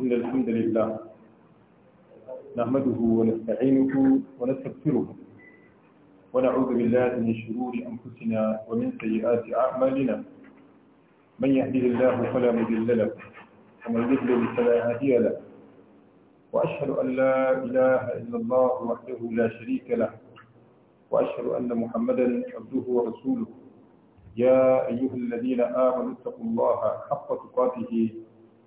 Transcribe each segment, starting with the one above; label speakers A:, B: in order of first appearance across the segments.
A: إن الحمد لله نحمده ونستعينه ونستغفره ونعوذ بالله من شرور أنفسنا ومن سيئات أعمالنا من يهده الله فلا مضل له ومن يضلل فلا هادي له وأشهد أن لا إله إلا الله وحده لا شريك له وأشهد أن محمدا عبده ورسوله يا أيها الذين آمنوا اتقوا الله حق تقاته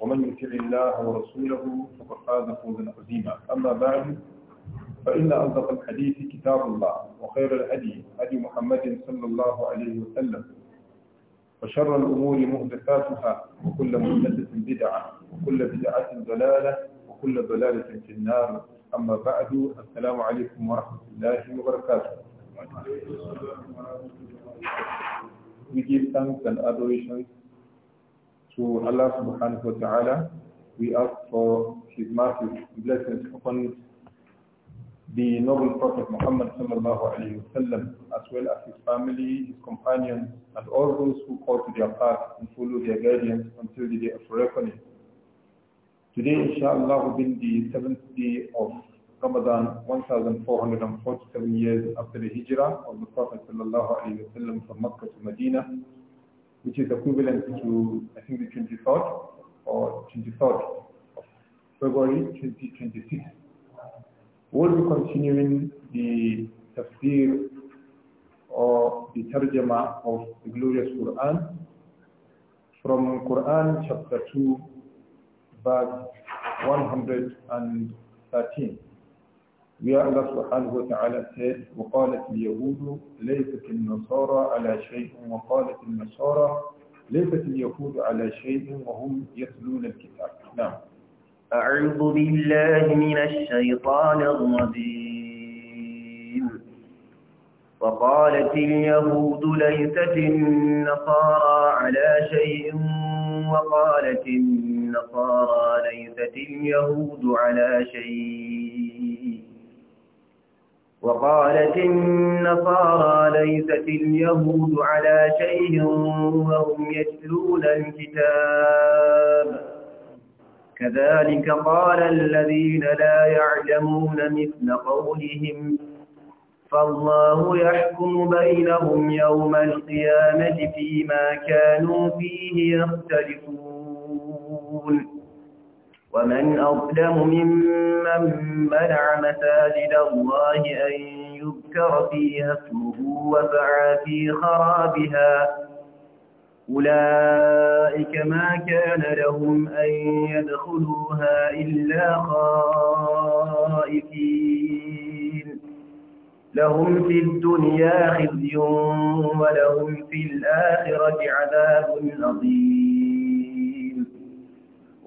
A: ومن يطع الله ورسوله فقد فاز فوزا عظيما اما بعد فان اصدق الحديث كتاب الله وخير الهدي هدي محمد صلى الله عليه وسلم وشر الامور محدثاتها وكل محدثه بدعه وكل بدعه ضلاله وكل ضلاله في النار اما بعد السلام عليكم ورحمه الله وبركاته We give thanks and adoration To Allah subhanahu wa ta'ala, we ask for His mercy, blessings upon the noble Prophet Muhammad sallallahu alayhi wasallam, as well as his family, his companions, and all those who call to their path and follow their guidance until the day of reckoning. Today, inshallah, will be the seventh day of Ramadan, 1447 years after the hijrah of the Prophet sallallahu alayhi wasallam from Mecca to Medina which is equivalent to, I think, the 23rd or 23rd of February 2026. We'll be continuing the tafsir or the tarjama of the glorious Quran from Quran chapter 2 verse 113. يا الله سبحانه وتعالى سيد وقالت اليهود ليست النصارى على شيء وقالت النصارى ليست اليهود على شيء وهم يتلون الكتاب نعم أعوذ بالله من الشيطان
B: الرجيم وقالت اليهود ليست النصارى على شيء وقالت النصارى ليست اليهود على شيء وقالت النصارى ليست اليهود على شيء وهم يتلون الكتاب كذلك قال الذين لا يعلمون مثل قولهم فالله يحكم بينهم يوم القيامة فيما كانوا فيه يختلفون
A: ومن أظلم
B: ممن منع مساجد الله أن يذكر فيها اسمه وسعى في خرابها أولئك ما كان لهم أن يدخلوها إلا خائفين لهم في الدنيا خزي ولهم في الآخرة عذاب عظيم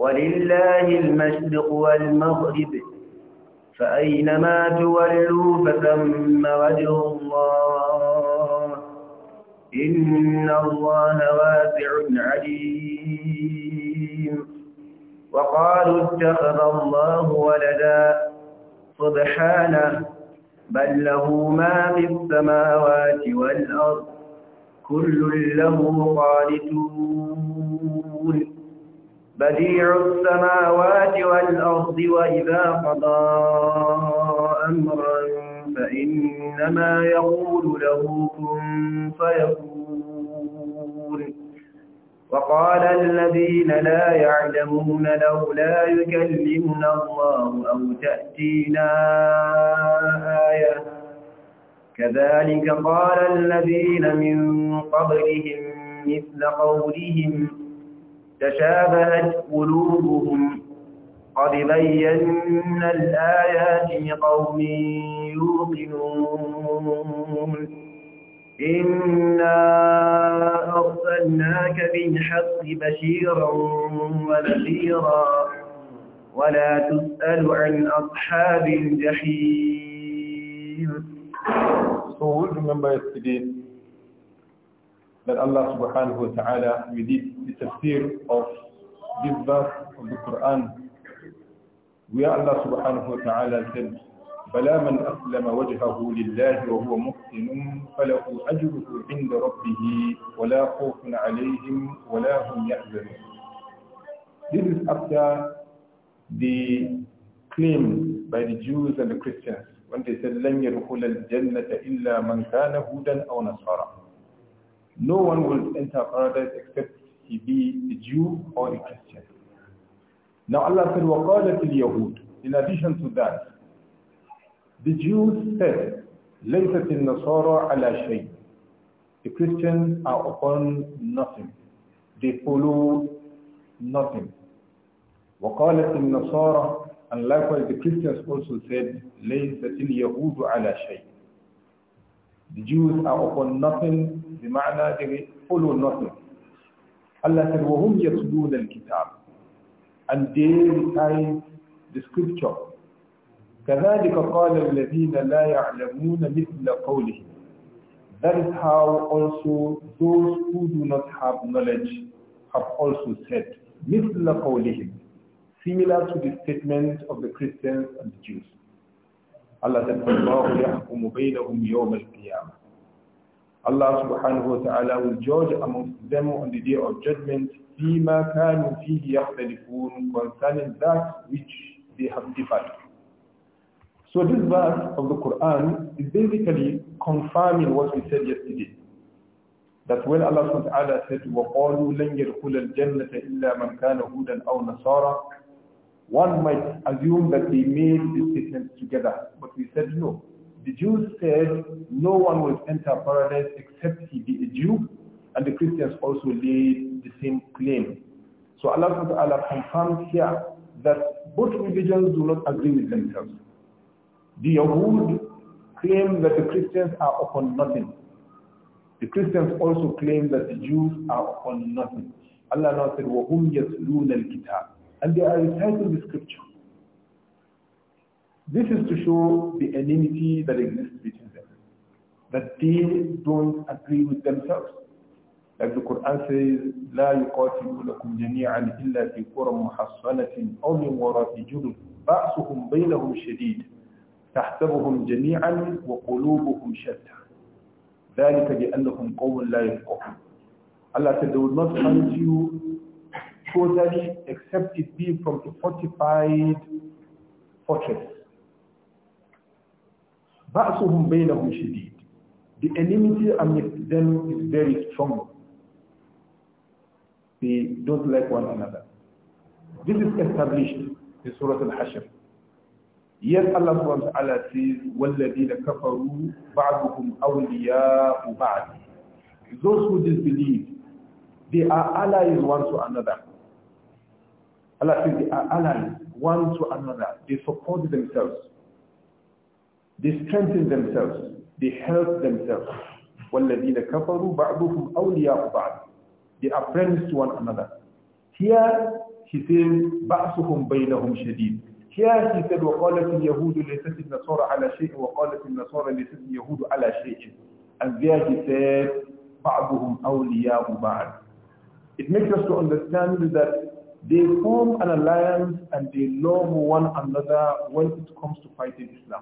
B: ولله المشرق والمغرب فأينما تولوا فثم وجه الله إن الله واسع عليم وقالوا اتخذ الله ولدا سبحانه بل له ما في السماوات والأرض كل له قانتون بديع السماوات والأرض وإذا قضى أمرا فإنما يقول له كن فيكون وقال الذين لا يعلمون لولا يكلمنا الله أو تأتينا آية كذلك قال الذين من قبلهم مثل قولهم تشابهت قلوبهم قد بينا الآيات لقوم يوقنون إنا أرسلناك بالحق بشيرا ونذيرا ولا تسأل عن أصحاب
A: الجحيم So we'll remember yesterday that Allah subhanahu wa ta'ala with the tafsir of this verse of the Quran where Allah subhanahu wa ta'ala said فلا من أسلم وجهه لله وهو محسن فله أجره عند ربه ولا خوف عليهم ولا هم يحزنون This is after the claim by the Jews and the Christians when they said لن يدخل الجنة إلا من كان هودا أو نَصَرًا No one will enter paradise except he be a Jew or a Christian. Now Allah said, وَقَالَتِ الْيَهُودِ In addition to that, the Jews said, لَيْسَتِ النَّصَارَى عَلَى شَيْءٍ The Christians are upon nothing. They follow nothing. وَقَالَتِ النَّصَارَى And likewise the Christians also said, لَيْسَتِ الْيَهُودُ عَلَى شَيْءٍ The Jews are upon nothing بمعنى دي قولوا نوتو الله تر وهم يتلون الكتاب and they recite the scripture كذلك قال الذين لا يعلمون مثل قولهم That is how also those who do not have knowledge have also said, مثل قولهم, similar to the statement of the Christians and the Jews. Allah said, فَاللَّهُ يَحْكُمُ بَيْنَهُمْ يَوْمَ الْقِيَامَةِ Allah subhanahu wa ta'ala will judge amongst them on the day of judgment concerning that which they have defied. So this verse of the Quran is basically confirming what we said yesterday. That when Allah subhanahu wa ta'ala said, وَقَالُوا لَنْ يَدْخُلَ الْجَنَّةَ إِلَّا مَنْ كَانَ هُودًا أَوْ نَصَارًا One might assume that they made these statements together, but we said no. The Jews said, no one will enter paradise except he be a Jew, and the Christians also laid the same claim. So Allah Ta'ala confirms here that both religions do not agree with themselves. The Yahud claim that the Christians are upon nothing. The Christians also claim that the Jews are upon nothing. Allah now said, وَهُمْ يَسْلُونَ الْكِتَابِ And they are reciting the scripture. This is to show the enmity that exists between them, that they don't agree with themselves. Like the Quran says, لا يقاتلونكم جميعا إلا في قرى محصنة أو من وراء جدر بأسهم بينهم شديد تحسبهم جميعا وقلوبهم شتى ذلك بأنهم قوم لا يفقهون Allah said they will not hunt you totally except it be from a fortified fortress بَأْسُهُمْ بَيْنَهُمْ شَدِيدٌ The enmity among them is very strong. They don't like one another. This is established in Surah Al-Hashr. Yes, Allah subhanahu wa ta'ala says, وَالَّذِينَ كَفَرُوا بَعْضُهُمْ أَوْلِيَاءُ بَعْضٍ Those who disbelieve, they are allies one to another. Allah says they are allies one to another. They support themselves. They strengthen themselves. They help themselves. وَالَّذِينَ كَفَرُوا بَعْضُهُمْ أَوْلِيَاءُ بَعْضٍ They are friends to one another. Here he says, بَعْثُهُمْ بَيْنَهُمْ شَدِيدٌ Here he said, وَقَالَتِ الْيَهُودُ لَيْسَتِ النَّصَارَ عَلَى شَيْءٍ وَقَالَتِ النَّصَارَ لَيْسَتِ الْيَهُودُ عَلَى شَيْءٍ And there he said, بَعْضُهُمْ أَوْلِيَاءُ بَعْضٍ It makes us to understand that they form an alliance and they love one another when it comes to fighting Islam.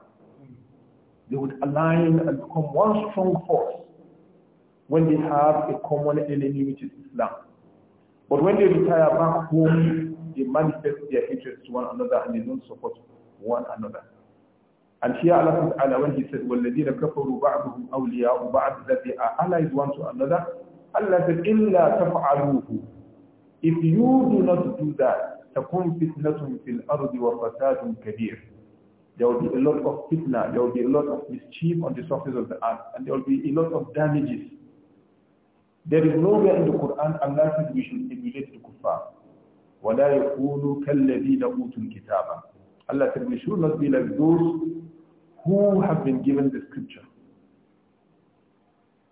A: They would align and become one strong force when they have a common enemy, which is Islam. But when they retire back home, they manifest their hatred to one another and they don't support one another. And here Allah Ta'ala, when He said, وَالَّذِينَ كَفَرُوا بَعْضُهُمْ أَوْلِيَاءُ بَعْضُ That they are allies one to another. Allah said, إِلَّا تَفْعَلُوهُ If you do not do that, تَكُمْ فِتْنَةٌ فِي الْأَرْضِ وَفَسَادٌ كَبِيرٌ there will be a lot of fitna, there will be a lot of mischief on the surface of the earth, and there will be a lot of damages. There is nowhere in the Quran Allah says we should emulate the kuffar. Allah said we should not be like those who have been given the scripture.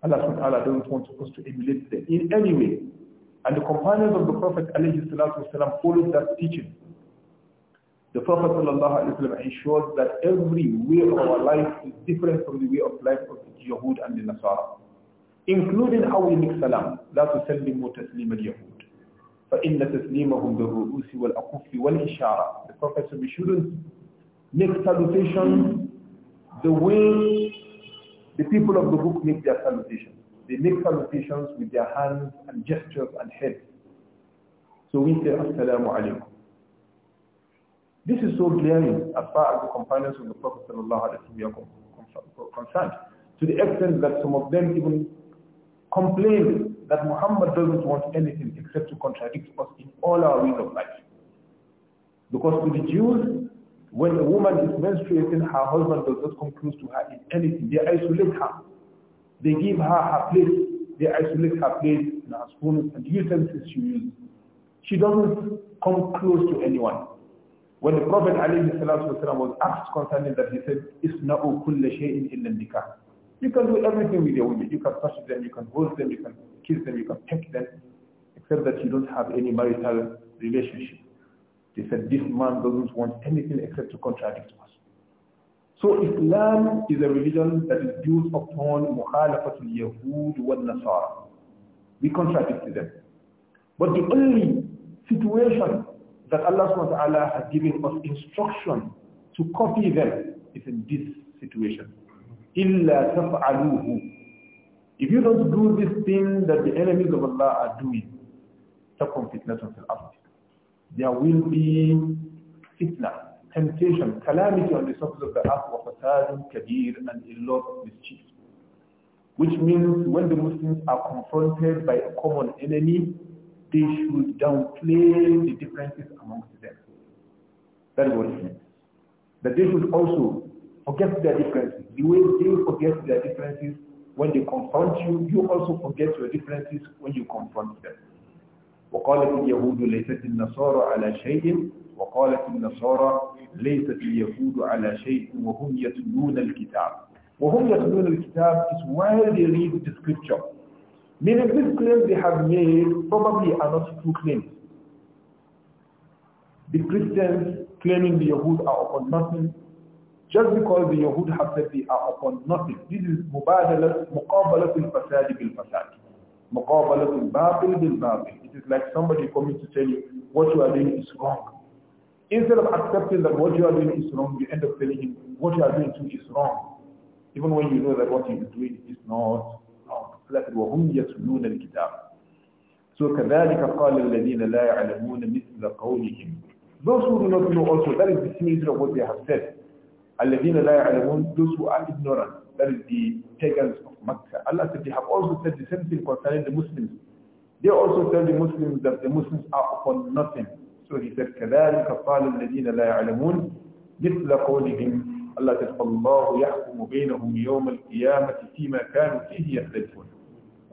A: Allah subhanahu wa ta'ala doesn't want us to emulate them in any way. And the companions of the Prophet ﷺ followed that teaching. The Prophet ﷺ ensured that every way of our life is different from the way of life of the Yahud and the Nasara, including how we make salam, لا تسلموا تسليم اليهود فإن تسليمهم بالرؤوس والأقف والإشارة. The Prophet said we shouldn't make salutation the way the people of the book make their salutations. They make salutations with their hands and gestures and heads. So we say, Assalamu alaikum. This is so glaring as far as the companions of the Prophet are concerned, to the extent that some of them even complained that Muhammad doesn't want anything except to contradict us in all our ways of life. Because to the Jews, when a woman is menstruating, her husband does not come close to her in anything. They isolate her. They give her her place. They isolate her place and her spoons and utensils she uses. She doesn't come close to anyone. When the Prophet والسلام, was asked concerning that, he said, Isna'u kulla shay'in illa nikah. You can do everything with your women. You can touch them, you can hold them, you can kiss them, you can peck them, except that you don't have any marital relationship. They said, this man doesn't want anything except to contradict us. So Islam is a religion that is built upon mukhalafatul yahud wal nasara. We contradict them. But the only situation that Allah SWT has given us instruction to copy them is in this situation. إِلَّا تَفْعَلُوهُ If you don't do this thing that the enemies of Allah are doing, تَقُمْ فِتْنَةٌ فِي الْأَرْضِ There will be fitna, temptation, calamity on the surface of the earth, وَفَسَادٌ كَبِيرٌ and a lot of mischief. Which means when the Muslims are confronted by a common enemy, they should downplay the differences amongst them. That is what it means. That they should also forget their differences. The way they forget their differences when they confront you, you also forget your differences when you confront them. وقالت اليهود ليست النصارى على شيء وقالت النصارى ليست اليهود على شيء وهم يتلون الكتاب وهم يتلون الكتاب is while they read the scripture Meaning these claims they have made probably are not true claims. The Christians claiming the Yahud are upon nothing, just because the Yahud have said they are upon nothing. This is mubadalat, muqabalat al-fasad bil-fasad. Muqabalat al bil-batil. is like somebody coming to tell you what you are doing is wrong. Instead of accepting that what you are doing is wrong, you end up telling him what you are doing too is wrong. Even when you know that what you are doing is not وهم يتلون الكتاب So كذلك قال الذين لا يعلمون مثل قولهم Those who do not know also, that is the similarity of what they have said. الذين لا يعلمون, those who are ignorant, that is the pagans of Makkah. Allah said they have also said the same thing concerning the Muslims. They also tell the Muslims that the Muslims are upon nothing. So he said, كذلك قال الذين لا يعلمون مثل قولهم Allah said, فَاللَّهُ يَحْكُمُ بَيْنَهُمْ يَوْمَ الْقِيَامَةِ فِيمَا كَانُوا فِيهِ يَخْتَلِفُونَ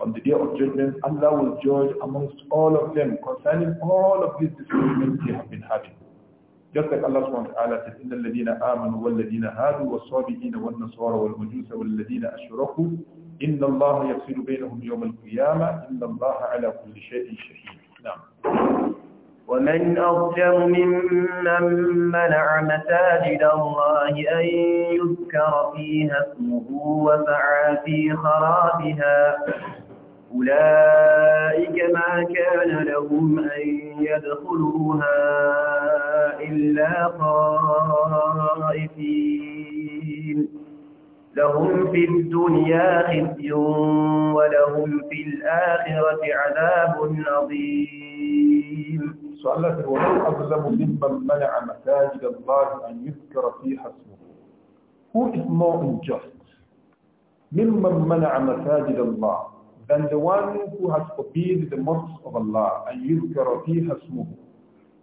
A: On the day of judgment, Allah will judge amongst all of them concerning all of these disagreements they have been having. Just like Allah subhanahu wa ta'ala said, إِنَّ الَّذِينَ آمَنُوا وَالَّذِينَ هَادُوا وَالصَّابِئِينَ وَالنَّصَارَى وَالْمَجُوسَ وَالَّذِينَ أَشْرَكُوا إِنَّ اللَّهَ يَفْصِلُ بَيْنَهُمْ يَوْمَ الْقِيَامَةِ إِنَّ اللَّهَ عَلَى كُلِّ شَيْءٍ شَهِيدٌ
B: نعم ومن أظلم ممن منع مساجد الله أن يذكر فيها اسمه وسعى في خرابها أولئك ما كان لهم أن يدخلوها إلا خائفين لهم في الدنيا خزي ولهم في الآخرة عذاب عظيم سؤال الله ومن أظلم
A: ممن منع مساجد الله أن يذكر فيها اسمه Who is more unjust? ممن منع مساجد الله than the one who has obeyed the mosques of Allah and yuzkara has moved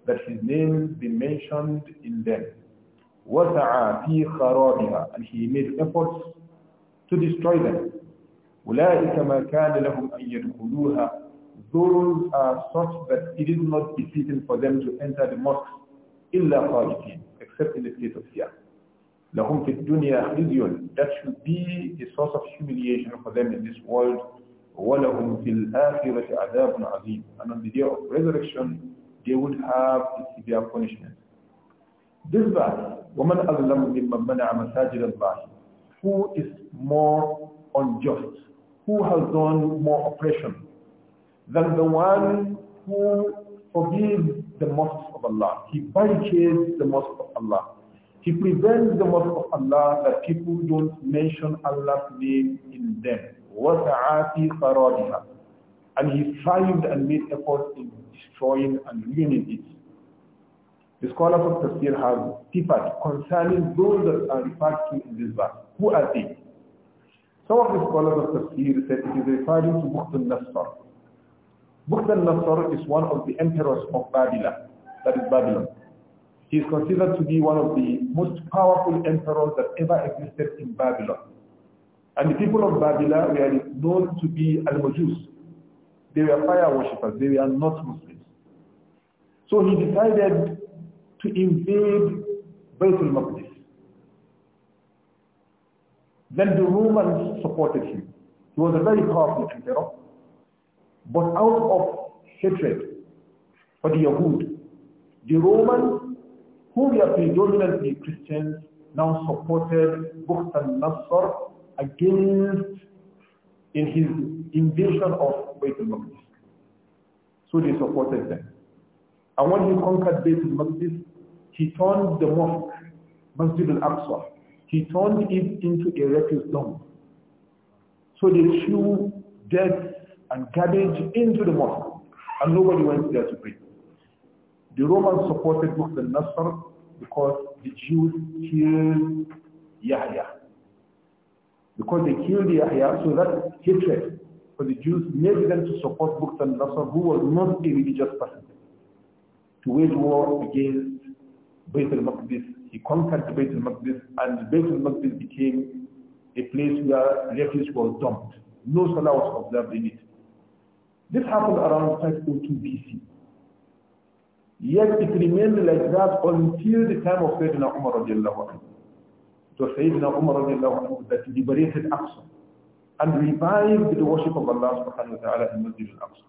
A: that his name be mentioned in them. وَسَعَى فِي خَرَابِهَا And he made efforts to destroy them. أُولَٰئِكَ مَا كَانَ لَهُمْ أَن يَدْخُلُوهَ Those are such that it is not befitting for them to enter the mosque إِلَّا خَالِفِينَ Except in the state of fear. لَهُمْ فِي الدُّنْيَا خِزْيٌ That should be a source of humiliation for them in this world وَلَهُمْ فِي الْآخِرَةِ عَذَابٌ عَظِيمٌ And on the day of resurrection, they would have a severe punishment. This verse, وَمَنْ أَظْلَمُ مِمَّنْ مَنَعَ مَسَاجِدَ اللَّهِ Who is more unjust? Who has done more oppression than the one who forgives the mosques of Allah? He barricades the most of Allah. He prevents the mosques of Allah that people don't mention Allah's name in them. وَسَعَى فِي خَرَابِهَا And he strived and made effort in destroying and ruining it. The scholars of Tafsir have differed concerning those that are referred to in this verse. Who are they? Some of the scholars of Tafsir said it is referring to Bukht al-Nasr. Bukht nasr is one of the emperors of Babylon, that is Babylon. He is considered to be one of the most powerful emperors that ever existed in Babylon. And the people of Babylon were known to be al They were fire worshippers. They were not Muslims. So he decided to invade Baitul Maqdis. Then the Romans supported him. He was a very powerful emperor. But out of hatred for the Yahud, the Romans, who were predominantly Christians, now supported Bukhtan al against in his invasion of Baitul Maqdis. So they supported them. And when he conquered Baitul Maqdis, he turned the mosque, Masjid al-Aqsa, he turned it into a refuse dump. So they threw dead and garbage into the mosque, and nobody went there to pray. The Romans supported Muqt al-Nasr because the Jews killed Yahya, because they killed Yahya, so that hatred for the Jews made them to support Bukht al-Nasr, who was not a religious person, to wage war against Bayt al-Maqdis. He conquered Bayt al-Maqdis, and Bayt al-Maqdis became a place where refugees were dumped. No salah was observed in it. This happened around 502 BC. Yet it remained like that until the time of Sayyidina Umar radiallahu anhu. Sayyidina Umar radiallahu anhu that he liberated Aqsa and revived the worship of Allah subhanahu wa ta'ala in Masjid al-Aqsa.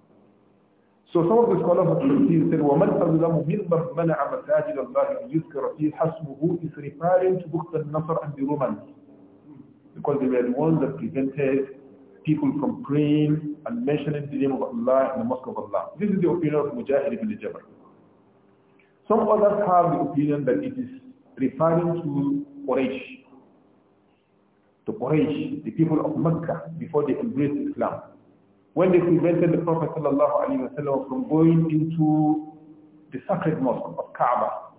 A: So some of the scholars of Tafsir said, وَمَنْ أَظْلَمُ مِمَّنْ مَنَعَ مَسَاجِدَ اللَّهِ أَنْ يُذْكَرَ فِيهِ حَسْمُهُ is referring to Bukht al-Nasr and the Romans because they were the ones that prevented people from praying and mentioning the name of Allah in the Mosque of Allah. This is the opinion of Mujahid ibn Jabr. Some others have the opinion that it is referring to Quraysh the Quraysh, the people of Mecca, before they embraced Islam. When they prevented the Prophet wasallam from going into the sacred mosque of Kaaba,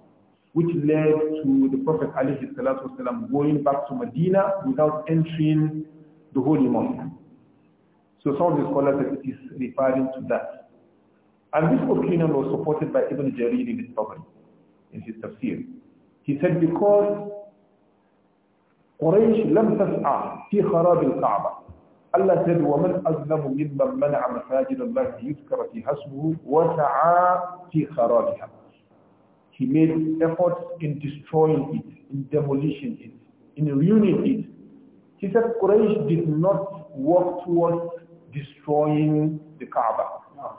A: which led to the Prophet ﷺ going back to Medina without entering the holy mosque. So some of the scholars that it is referring to that. And this opinion was supported by Ibn Jarir ibn Tabari in his tafsir. He said because قريش لم تسعى في خراب الكعبة الله said ومن أظلم ممن منع مساجد الله يذكر فيها اسمه وسعى في خرابها He made efforts in destroying it, in demolishing it, in ruining it. He said Quraysh did not work towards destroying the Kaaba.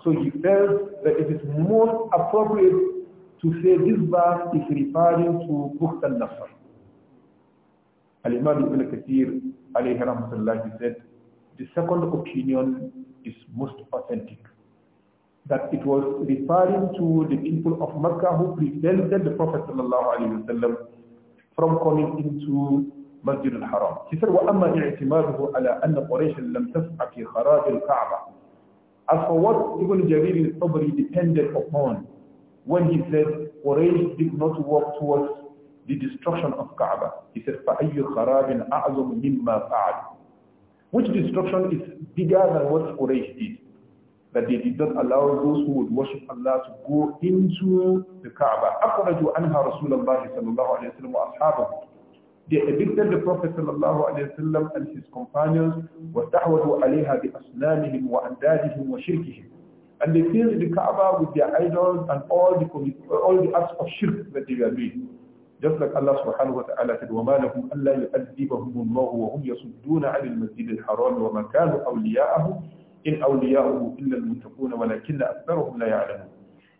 A: So he felt that it is most appropriate to say this verse is referring to Bukht nasr Al-Imam Ibn Kathir alayhi rahmatullah said, the second opinion is most authentic. That it was referring to the people of Mecca who prevented the Prophet وسلم, from coming into Masjid al-Haram. He said, وَأَمَّا اِعْتِمَادُهُ عَلَىٰ أَنَّ قُرَيْشًا لَمْ تَسْعَ فِي خَرَاجِ الْكَعْبَةِ As for what Ibn Jarir al-Tabri depended upon, when he said, Quraysh did not work towards the destruction of Kaaba. He said, فَأَيُّ خَرَابٍ أَعْظُمْ مِمَّا فَعَلُ Which destruction is bigger than what Quraysh did? That they did not allow those who would worship Allah to go into the Kaaba. أَخْرَجُوا أَنْهَا رَسُولَ اللَّهِ صَلَى اللَّهُ عَلَيْهِ وسلم وَأَصْحَابَهُ They evicted the Prophet صلى الله عليه وسلم and his companions وَاسْتَحْوَذُوا عَلَيْهَا بِأَصْنَامِهِمْ وَأَنْدَادِهِمْ وَشِرْكِهِمْ And they filled the Kaaba with their idols and all the, all the acts of shirk that they were doing. just like Allah subhanahu wa ta'ala said وَمَا لَهُمْ أَلَّا يُؤَذِّبَهُمُ اللَّهُ وَهُمْ يَصُدُّونَ عَنِ الْمَسْجِدِ الْحَرَامِ وَمَا كَانُوا أَوْلِيَاءَهُ إِنْ أَوْلِيَاءَهُ إِلَّا الْمُتَّقُونَ وَلَكِنَّ أَكْثَرَهُمْ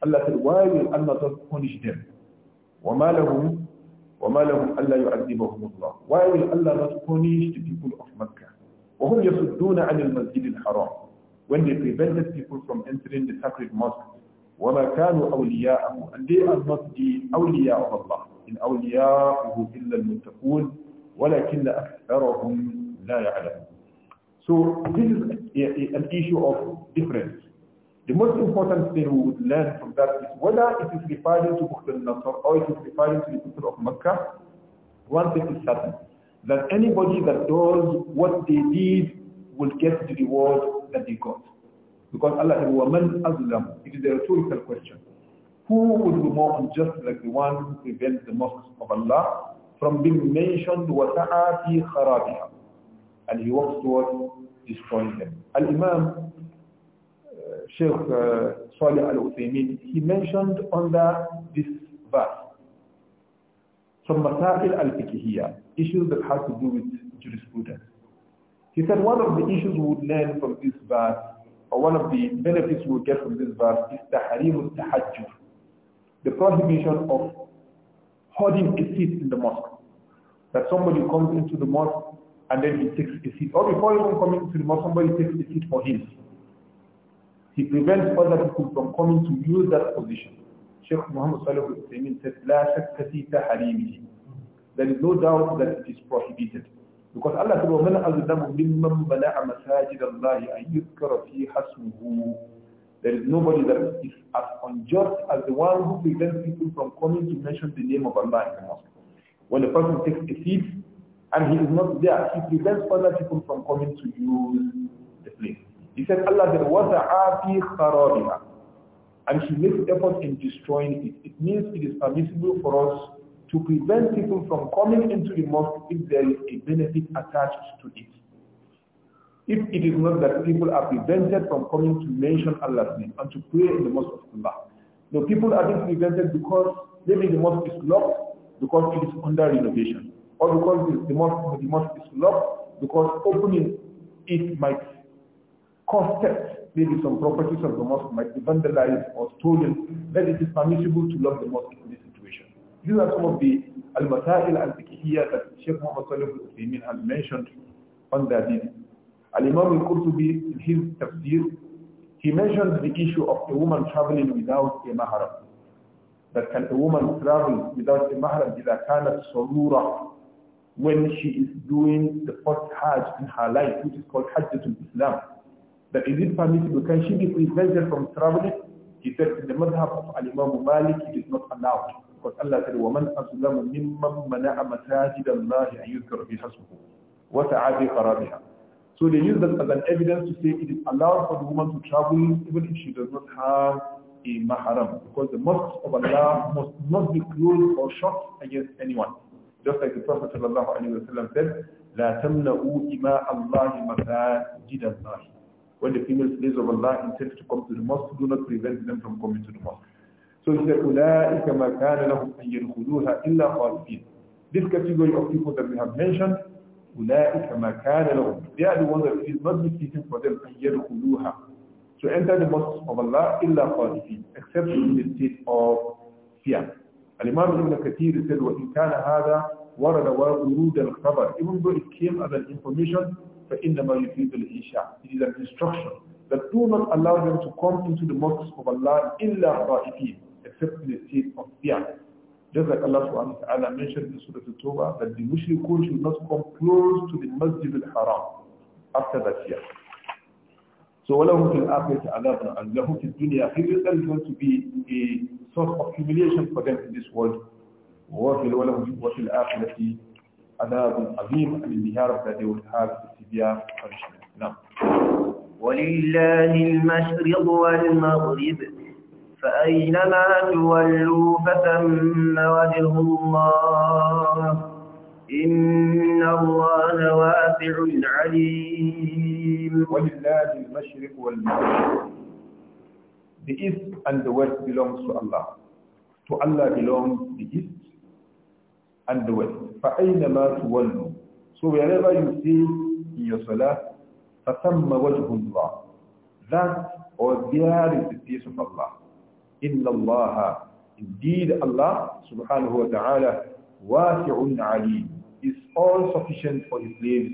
A: Allah said why will Allah not punish them Allah not punish the people of when they prevented people from entering the sacred mosque وما كانوا أولياءه أولياء إن أولياءه إلا ولكن أكثرهم لا So this is a, a, an issue of difference. The most important thing we would learn from that is whether it is referring to Bukht al-Nasr or it is referring to the people of Mecca, one thing is certain, that anybody that does what they did will get the reward that they got. Because Allah said, وَمَنْ أَظْلَمُ It is a rhetorical question. Who would be more unjust like the one who prevents the mosques of Allah from being mentioned وَسَعَى فِي خَرَابِهَا And he wants towards destroying them. Al-Imam uh, Sheikh uh, Salih Al-Uthaymeen, he mentioned under this verse some masail al-fiqhiyya, issues that have to do with jurisprudence. He said one of the issues we would learn from this verse one of the benefits we will get from this verse is tahrim tahajjud, the prohibition of holding a seat in the mosque. That somebody comes into the mosque and then he takes a seat. Or before even coming into the mosque, somebody takes a seat for him. He prevents other people from coming to use that position. Sheikh Muhammad Salih al said, لا شك في تحريمه. There is no doubt that it is prohibited because Allah said وَمَنْ أَظْلَمُ مِمَّنْ بَلَعَ مَسَاجِدَ اللَّهِ أَنْ يُذْكَرَ فِيهِ حَسْمُهُ There is nobody that is as unjust as the one who prevents people from coming to mention the name of Allah in the mosque. When a person takes a seat and he is not there, he prevents other people from coming to use the place. He said Allah said وَسَعَى فِي خَرَابِهَا And she makes effort in destroying it. It means it is permissible for us to prevent people from coming into the mosque if there is a benefit attached to it. If it is not that people are prevented from coming to mention Allah's name and to pray in the mosque of Allah. No, people are being prevented because maybe the mosque is locked because it is under renovation. Or because the mosque, the mosque is locked because opening it might cause theft. Maybe some properties of the mosque might be vandalized or stolen. Then it is permissible to lock the mosque in this these are some of the al-masail al-fiqhiyya that Sheikh Muhammad Salih has mentioned on that hadith. Al-Imam al-Qurtubi, in his tafsir, he mentioned the issue of a woman traveling without a mahram. That can a woman travel without a mahram إذا كانت صرورة when she is doing the first Hajj in her life, which is called Hajjatul Islam. That is it permissible? Can she be prevented from traveling? He said in the madhab of Al-Imam Malik, it is not allowed. Allah ta wa man azlamu mimman mana'a masajidan Allah an yuzkar bi hasbuhu wa sa'a fi so they use that as an evidence to say it is allowed for the woman to travel even if she does not have a mahram because the mosque of Allah must not be closed or shut against anyone just like the Prophet sallallahu alaihi wasallam said لا تمنعوا إماء الله مساجد الله when the female slaves of Allah intend to come to the mosque do not prevent them from coming to the mosque سجد أولئك ما كان لهم أن يدخلوها إلا خالدين This category of people that we have mentioned أولئك ما كان لهم They are the ones that it is not befitting for them أن يدخلوها To enter the mosques of Allah إلا خالدين Except in the state of fear الإمام ابن كثير said وإن كان هذا ورد ورود الخبر even though it came as an information فإنما يفيد الإنشاء It is an instruction that do not allow them to come into the mosques of Allah إلا خائفين except in a state of fear. Just like Allah subhanahu wa ta'ala mentioned in Surah Al-Tawbah that the mushrikun should not come close to the Masjid al-Haram after that year. So وَلَهُمْ فِي الْآخِرَةِ عَذَابٌ and لَهُمْ فِي الدُّنْيَا خِزْرًا is going to be a source of humiliation for them in this world. وَفِي الْوَلَهُمْ وَفِي الْآخِرَةِ عَذَابٌ عَظِيمٌ and in the that they will have the severe punishment. Now. وَلِلَّهِ
B: الْمَشْرِقُ وَالْمَغْرِبُ فأينما تولوا فثم وجه الله إن الله واسع عليم ولله المشرق
A: والمغرب The east and the west belongs to Allah. To Allah belongs the east and the west. فأينما تولوا So wherever you see in your salah, فثم وجه الله That or there is the peace of Allah. Indeed, Allah subhanahu wa ta'ala wasi'un alim is all sufficient for his slaves,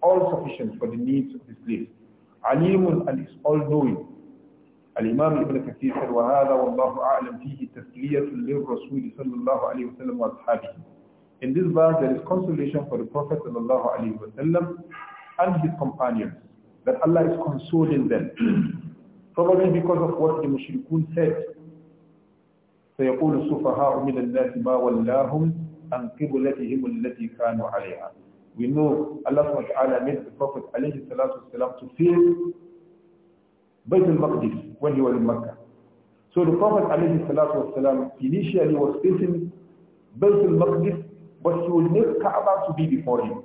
A: all sufficient for the needs of his slaves. Alimun and is all-knowing. الإمام ابن كثير قال وهذا والله أعلم فيه تسلية للرسول صلى الله عليه وسلم وأصحابه. In this verse there is consolation for the Prophet صلى الله عليه وسلم and his companions that Allah is consoling them. Probably because of what the mushrikun said سيقول السفهاء من الناس ما ولاهم عن قبلتهم التي كانوا عليها we know Allah subhanahu wa ta'ala made the Prophet alayhi salatu wasalam to face Bayt al-Maqdis when he was in Mecca. So the Prophet alayhi salatu wasalam initially was facing Bayt al-Maqdis but he would make Kaaba to be before him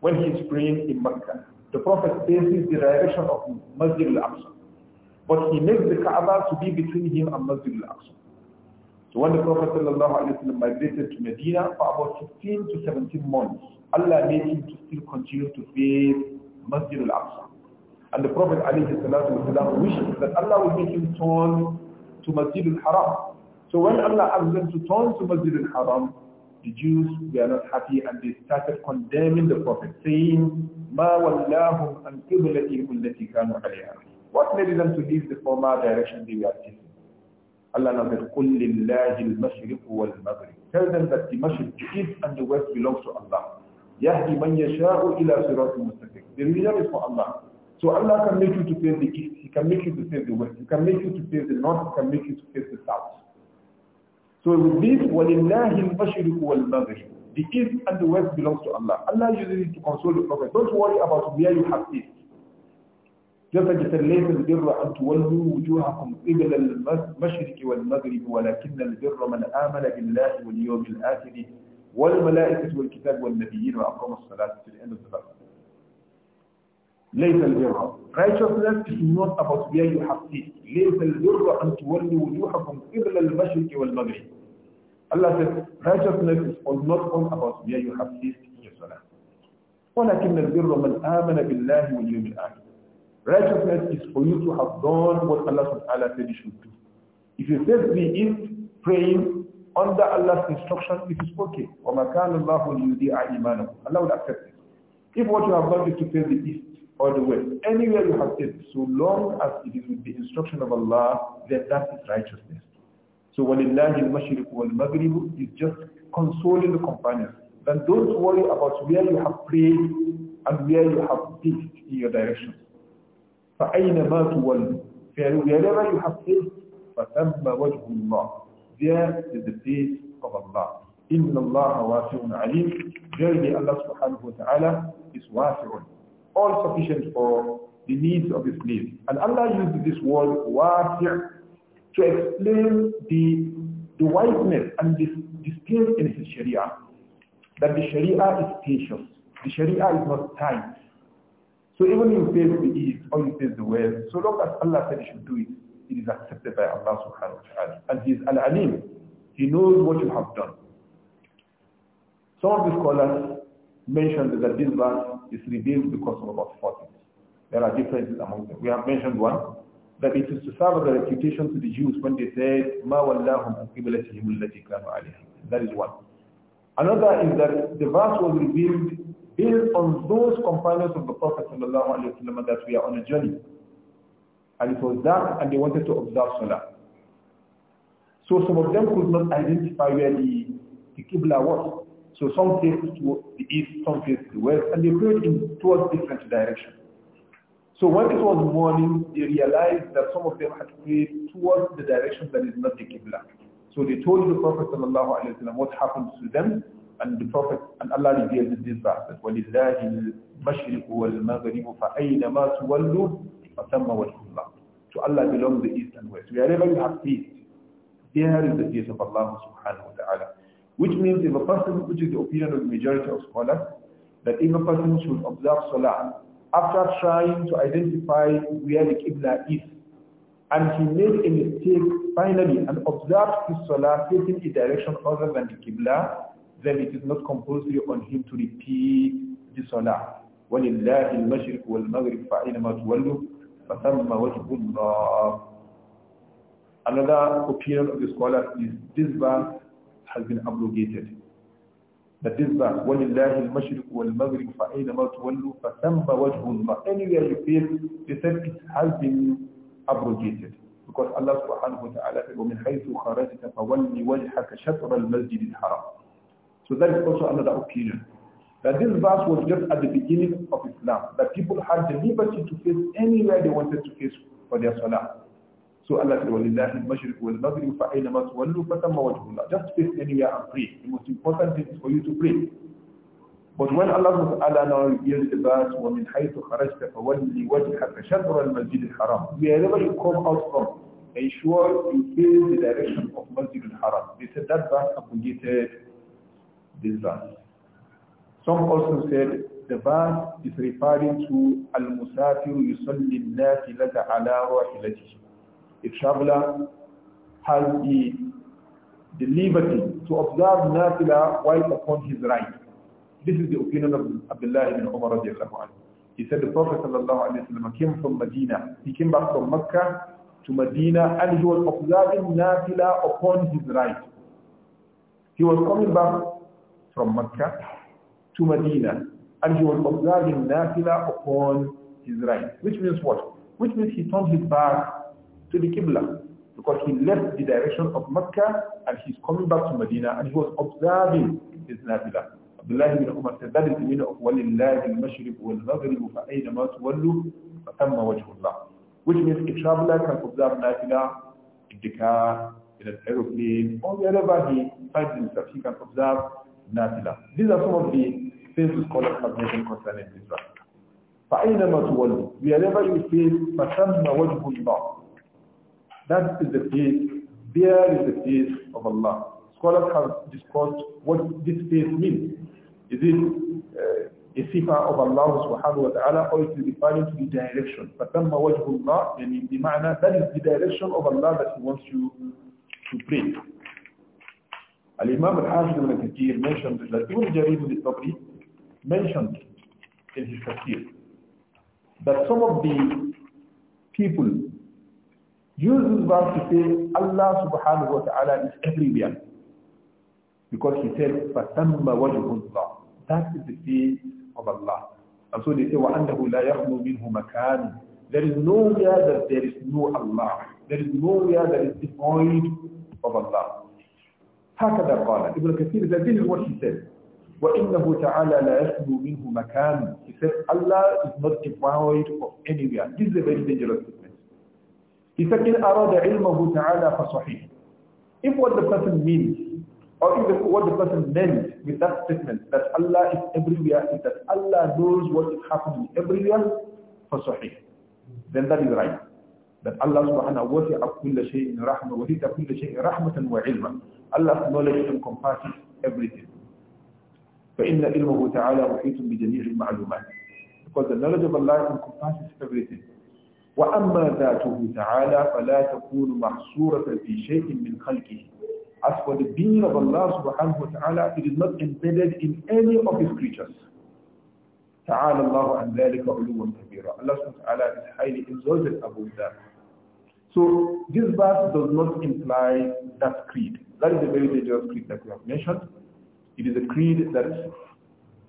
A: when he is praying in Mecca. The Prophet faces the direction of Masjid al-Aqsa but he makes the Kaaba to be between him and Masjid al-Aqsa. So when the Prophet ﷺ migrated to Medina for about 15 to 17 months, Allah made him to still continue to face Masjid al-Aqsa. And the Prophet ﷺ wished that Allah would make him turn to Masjid al-Haram. So when Allah asked them to turn to Masjid al-Haram, the Jews were not happy and they started condemning the Prophet, saying, مَا وَلَّاهُمْ أَنْ قِبْلَتِهِمُ الَّتِي كَانُوا عَلَيْهَا What made them to leave the former direction they were taking? Allah now said, قُلْ لِلَّهِ الْمَشْرِقُ وَالْمَغْرِبُ Tell them that the Mashriq, the East and the West belongs to Allah. يَهْدِ مَنْ يَشَاءُ إِلَى صِرَاطٍ مُسْتَقِيمٍ The religion is for Allah. So Allah can make you to face the East, He can make you to face the West, He can make you to face the North, He can make you to face the South. So with this, وَلِلَّهِ الْمَشْرِقُ وَالْمَغْرِبُ The East and the West belongs to Allah. Allah uses it to console the Prophet. Don't worry about where you have this. جفجت ليس البر أن تولوا وجوهكم قبل المشرق والمغرب ولكن البر من آمن بالله واليوم الآخر والملائكة والكتاب والنبيين وأقام الصلاة في الأن الزبر ليس البر Righteousness is not about where you have peace ليس البر أن تولوا وجوهكم قبل المشرق والمغرب Allah says righteousness is not all about where you have peace in your salah ولكن البر من آمن بالله واليوم الآخر Righteousness is for you to have done what Allah subhanahu wa ta'ala said you should do. If you say be it, praying under Allah's instruction, it is okay. وَمَكَانَ اللَّهُ لِيُدِيعَ إِيمَانَهُ Allah will accept it. If what you have done is to face the east or the west, anywhere you have said, so long as it is with the instruction of Allah, then that is righteousness. So وَلِلَّهِ الْمَشْرِقُ وَالْمَغْرِبُ is just consoling the companions. Then don't worry about where you have prayed and where you have pitched in your direction. فَأَيْنَ تُوَلُّ Wherever you have faced, فَثَمَّ وَجْهُ اللَّهِ There is the face of Allah. إِنَّ اللَّهَ وَاسِعٌ عَلِيمٌ Verily Allah subhanahu wa is wasi'un. All sufficient for the needs of his slaves. And Allah uses this word wasi' to explain the, the wideness and the, the scale in his sharia. That the sharia is spacious. The sharia is not tight. So even you face the east or you face the west, so long as Allah said you should do it, it is accepted by Allah subhanahu wa ta'ala. And He is al-alim. He knows what you have done. Some of the scholars mentioned that this verse is revealed because of about 40. There are differences among them. We have mentioned one, that it is to serve the reputation to the Jews when they said, مَا وَاللَّهُمْ قِبْلَتِهِمُ الَّتِي كَانُوا That is one. Another is that the verse was revealed based on those companions of the Prophet ﷺ that we are on a journey. And it was dark and they wanted to observe Salah. So some of them could not identify where the, the Qibla was. So some faced to the east, some faced to the west, and they prayed in towards different directions. So when it was morning, they realized that some of them had prayed towards the direction that is not the Qibla. So they told the Prophet ﷺ what happened to them, and the Prophet, and Allah revealed this verse, that وَلِلَّهِ الْمَشْرِقُ وَالْمَغْرِبُ فَأَيْنَمَا تُوَلُّوا فَثَمَّ وَجْهُ اللَّهِ To Allah belong the east and west. Wherever you have peace, there is the face of Allah subhanahu wa ta'ala. Which means if a person, which is the opinion of the majority of scholars, that if a person should observe Salah, after trying to identify where the Qibla is, and he made a mistake finally and observed his Salah facing a direction other than the Qibla, then it is not compulsory on him to repeat the salah. وَلِلَّهِ الْمَشْرِقُ وَالْمَغْرِبُ فَأَيْنَمَا تُوَلُّ فَثَمَّ وَجْهُ اللَّهِ Another opinion of the scholars is this verse has been abrogated. That this verse, وَلِلَّهِ الْمَشْرِقُ وَالْمَغْرِبُ فَأَيْنَمَا تُوَلُّ فَثَمَّ وَجْهُ اللَّهِ Anywhere you feel, they said it has been abrogated. Because Allah subhanahu wa ta'ala said, وَمِنْ حَيْثُ خَرَجْتَ فَوَلِّ وَجْهَكَ شَطْرَ الْمَسْجِدِ الْحَرَامِ so that is also another opinion. That this verse was just at the beginning of Islam, that people had the liberty to face anywhere they wanted to face for their salah. So Allah said, وَلِلَّهِ Just face anywhere and pray. The most important thing is for you to pray. But when Allah Ta'ala now reveals the verse, وَمِنْ حَيْثُ خَرَجْتَ فَوَلِّي وَجْهَكَ شَطْرَ الْمَسْجِدِ الْحَرَامِ Wherever you come out from, ensure you face the direction of Masjid al-Haram. They said that verse abrogated this verse. Some also said the verse is referring to Al-Musafir yusalli nafilata ala rahilatihi. A traveler has the, the liberty to observe nafila while upon his right. This is the opinion of Abdullah ibn Umar He said the Prophet sallallahu came from Medina. He came back from Mecca to Medina and he was observing nafila upon his right. He was coming back from Mecca to Medina and he was observing Nafila upon his right. Which means what? Which means he turned his back to the Qibla because he left the direction of Mecca and he's coming back to Medina and he was observing his Nafila. Abdullah ibn Umar said that is the meaning of وَلِلَّهِ الْمَشْرِقُ وَالْمَغْرِبُ فَأَيْنَمَا تُوَلُّوا فَثَمَّ وَجْهُ اللَّهِ Which means a traveler can observe Nafila in the car, in an aeroplane, or wherever he finds himself, he can observe nafila. These are some of the things the scholars have mentioned concerning this verse. فَأَيْنَمَا تُوَلُّوا Wherever you face, فَثَمَّ وَجْهُ اللَّهِ That is the face, there is the face of Allah. Scholars have discussed what this face means. Is it uh, a sifa of Allah subhanahu wa ta'ala or it referring to the direction? فَثَمَّ وَجْهُ اللَّهِ the بمعنى that is the direction of Allah that He wants you to pray. Al-Imam al-Hajj ibn Kathir mentioned, Latul Jarir ibn Tabri mentioned in his Kathir that some of the people use this verse to say Allah subhanahu wa ta'ala is everywhere because he said فَثَمَّ وَجْهُ اللَّهِ That is the face of Allah. And so they say وَأَنَّهُ لَا يَخْلُو مِنْهُ مَكَانٍ There is nowhere that there is no Allah. There is nowhere that is devoid of Allah. هكذا قال ابن كثير this is what he said وَإِنَّهُ تَعَالَى لَا يَخْلُو مِنْهُ مَكَانٌ He said Allah is not devoid of anywhere. This is a very dangerous statement. He said إِنْ أَرَادَ عِلْمَهُ تَعَالَى فَصَحِيحٌ If what the person means or if what the person meant with that statement that Allah is everywhere is that Allah knows what is happening everywhere for then that is right that Allah subhanahu wa ta'ala wasi'a kulla shay'in rahma wa hita kulla shay'in rahmatan wa ilma. Allah's knowledge encompasses everything. fa inna فإن علمه تعالى bi بجميع ma'lumat Because the knowledge of Allah encompasses everything. wa وأما ذاته تعالى فلا تكون mahsuratan fi shay'in min khalqihi As for the being of Allah subhanahu wa ta'ala, it is not embedded in any of his creatures. تعالى الله عن ذلك علوا كبيرا. الله سبحانه وتعالى is highly exalted above that. So this verse does not imply that creed. That is a very dangerous creed that we have mentioned. It is a creed that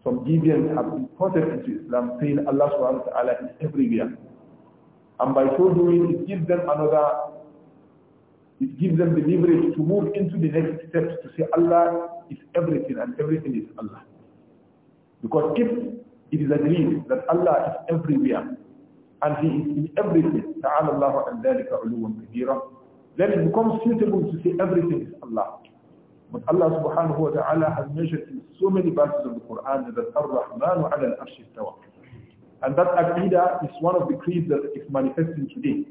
A: some deviants have imported into Islam, saying Allah subhanahu wa ta'ala is everywhere. And by so doing, it gives them another, it gives them the leverage to move into the next steps to say Allah is everything and everything is Allah. Because if it is agreed that Allah is everywhere, and he is in everything. Ta'ala Allah and dhalika uluwan kabira. Then it becomes suitable to say everything is Allah. But Allah subhanahu wa ta'ala has measured in so many verses of the Quran that Ar-Rahmanu ala al-arshi istawa. And that aqidah is one of the creeds that is manifesting today.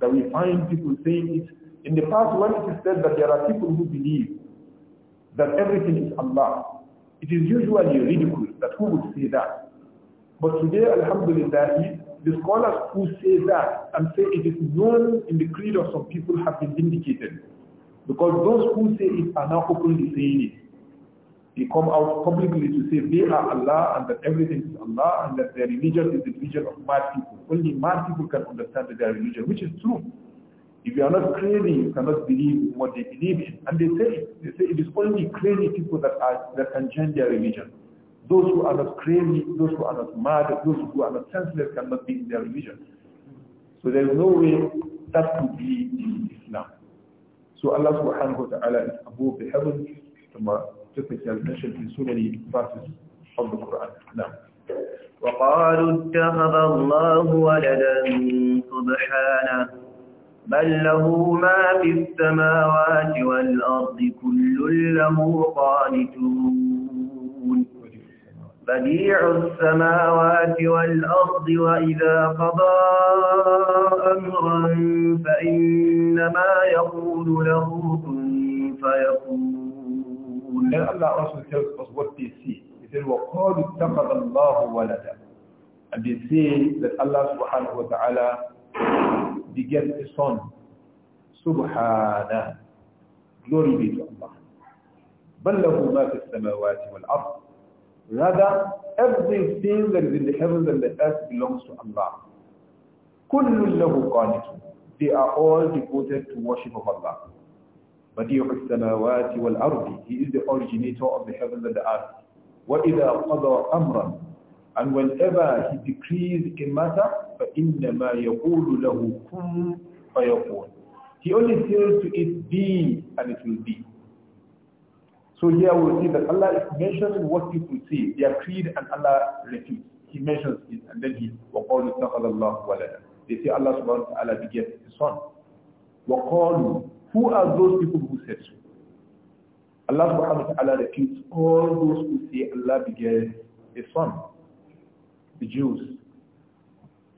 A: That we find people saying it. In the past, when it is said that there are people who believe that everything is Allah, it is usually ridiculous. that who would say that. But today, alhamdulillah, the scholars who say that and say it is known in the creed of some people have been vindicated. Because those who say it are now openly saying it. They come out publicly to say they are Allah and that everything is Allah and that their religion is the religion of mad people. Only mad people can understand their religion, which is true. If you are not crazy, you cannot believe what they believe in. And they say, they say it is only crazy people that, are, that can change their religion. Those who are not crazy, those who are not mad, those who are not senseless cannot be in their religion. So there is no way that could be in Islam. So Allah subhanahu wa ta'ala is above the heavens, just like he has mentioned in so many verses of the Quran. Now.
B: وقالوا اتخذ الله ولدا سبحانه بل له ما في السماوات والأرض كل له قانتون بديع السماوات والأرض وإذا قضى أمرا فإنما يقول له كن
A: فيكون لا الله also tells us what they see he said وقالوا اتخذ الله ولدا and they say that Allah subhanahu wa ta'ala begat a son subhanah glory be to Allah بل له ما في السماوات والأرض Rather, everything that is in the heavens and the earth belongs to Allah. كُلُّ لَهُ قَانِتُ They are all devoted to worship of Allah. بَدِيعُ السَّمَاوَاتِ وَالْأَرْضِ He is the originator of the heavens and the earth. وَإِذَا قَضَى أَمْرًا And whenever he decrees a matter, فَإِنَّمَا يَقُولُ لَهُ كُمْ فَيَقُولُ He only says to it, be, and it will be. So here we see that Allah is mentioning what people see, their creed and Allah refutes. He mentions it and then he وَقَالُوا اتَّخَذَ They say Allah subhanahu wa ta'ala begat a son. وَقَالُوا Who are those people who said so? Allah subhanahu wa ta'ala refutes all those who say Allah begets a son. The Jews,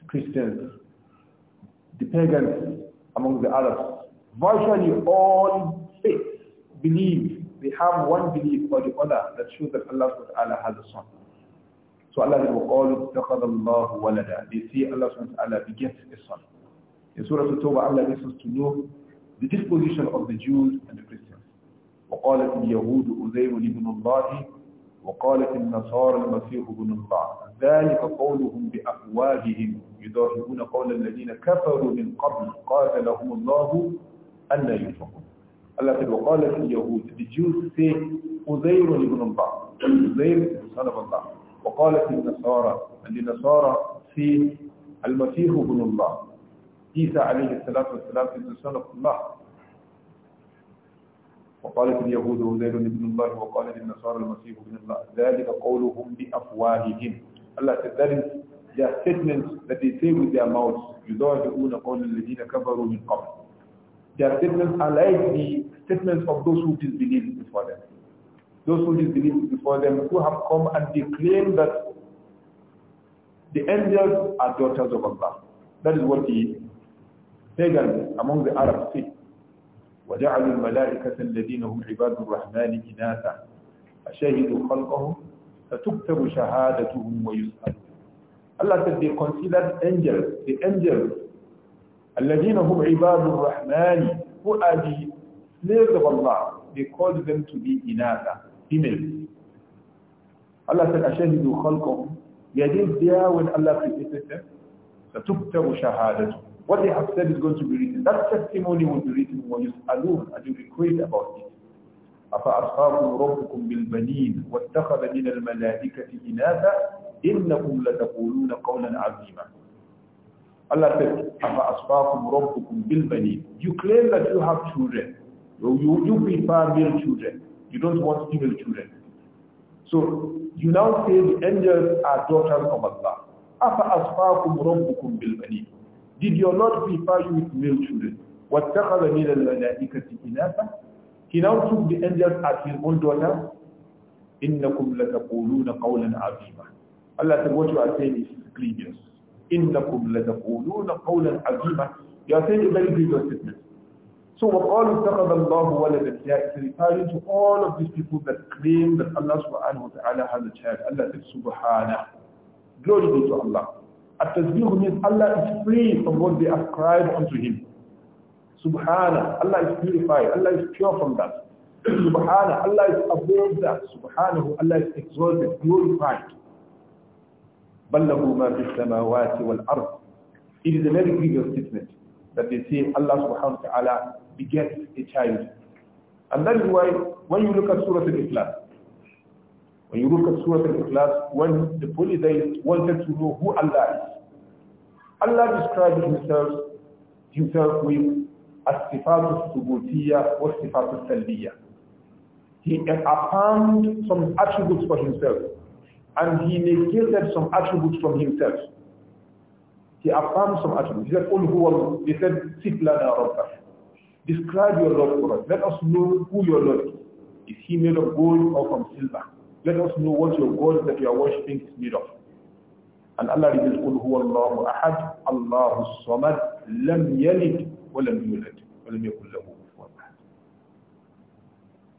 A: the Christians, the pagans among the Arabs. Virtually all faiths believe they have one belief or the other that shows that Allah SWT has a son. So Allah said, وَقَالُوا اتَّخَذَ اللَّهُ They say Allah SWT begets a son. In Surah Al-Tawbah, Allah makes us to know the disposition of the Jews and the Christians. وَقَالَتِ الْيَهُودُ أُزَيْرٌ ابْنُ اللَّهِ وقالت النصارى المسيح ابن الله ذلك قولهم بأفواههم يضاهئون قول الذين كفروا من قبل قاتلهم الله أن يفهمون الله تعالى وقال في اليهود the Jews say أزير ابن الله أزير ابن الله وقال في النصارى النصارى في المسيح ابن الله عيسى عليه السلام والسلام في ابن الله وقال في اليهود أزير ابن الله وقال في النصارى المسيح ابن الله ذلك قولهم بأفواههم الله تعالى that is their statements that they say with their mouths يدعون قول الذين كفروا من قبل Their statements are like the statements of those who disbelieve before them. Those who disbelieve before them who have come and they claim that the angels are daughters of Allah. That is what the pagans among the Arabs say. وَجَعَلُوا الْمَلَائِكَةَ الَّذِينَ هُمْ عِبَادُ الرَّحْمَنِ إِنَاثًا أَشَهِدُوا خَلْقَهُمْ شَهَادَتُهُمْ وَيُسْأَلُونَ Allah said they considered angels, the angels الذين هم عباد الرحمن who are the slaves they called them to be inatha females Allah said ashhadu خلقهم يدين are there when Allah created them satuktabu shahadatu what they have said is going to be written that testimony will be written when you alone and you request about it أفأصحاكم ربكم بالبنين واتخذ من الملائكة إناثا إنكم لتقولون قولا عظيما Allah said, You claim that you have children. You, you prefer male children. You don't want female children. So you now say the angels are daughters of Allah. أَفَأَصْفَاكُمْ رَبُّكُمْ بِالْبَنِينَ Did your Lord prefer you with male children? وَاتَّخَذَ مِنَ الْمَلَائِكَةِ إِنَاثًا He now took the angels as his own daughters. إِنَّكُمْ لَتَقُولُونَ قَوْلًا عَظِيمًا Allah said, what you are saying is grievous. إنكم لتقولون قولا عظيما You are saying a very grievous statement. So وَقَالُوا اتَّخَذَ اللَّهُ وَلَدًا He is referring to all of these people that claim that Allah subhanahu wa ta'ala has a child. Allah says subhanahu. Glory be to Allah. At-tasbih means Allah is free from what they ascribe unto Him. Subhana, Allah is purified, Allah is pure from that. Subhana, Allah is above that. Subhanahu, Allah is exalted, glorified. بل ما في السماوات والأرض It is a very grievous statement that they say Allah subhanahu wa ta'ala begets a child. And that is why when you look at Surah Al-Ikhlas, when you look at Surah Al-Ikhlas, when the polytheists wanted to know who Allah is, Allah describes himself, himself with as-sifat al-subutiyya wa as-sifat al-salbiyya. He affirmed some attributes for himself and he negated some attributes from himself. He affirmed some attributes. He said, "All who are," he said, "Siplana Rabbah." Describe your Lord for us. Let us know who your Lord is. Is he made of gold or from silver? Let us know what your God that you are worshipping is made of. And Allah reveals, قُلْ هُوَ اللَّهُ أَحَدْ اللَّهُ الصَّمَدْ لَمْ يَلِدْ وَلَمْ يُولَدْ وَلَمْ يَكُنْ لَهُ كُفُوًا أَحَدٌ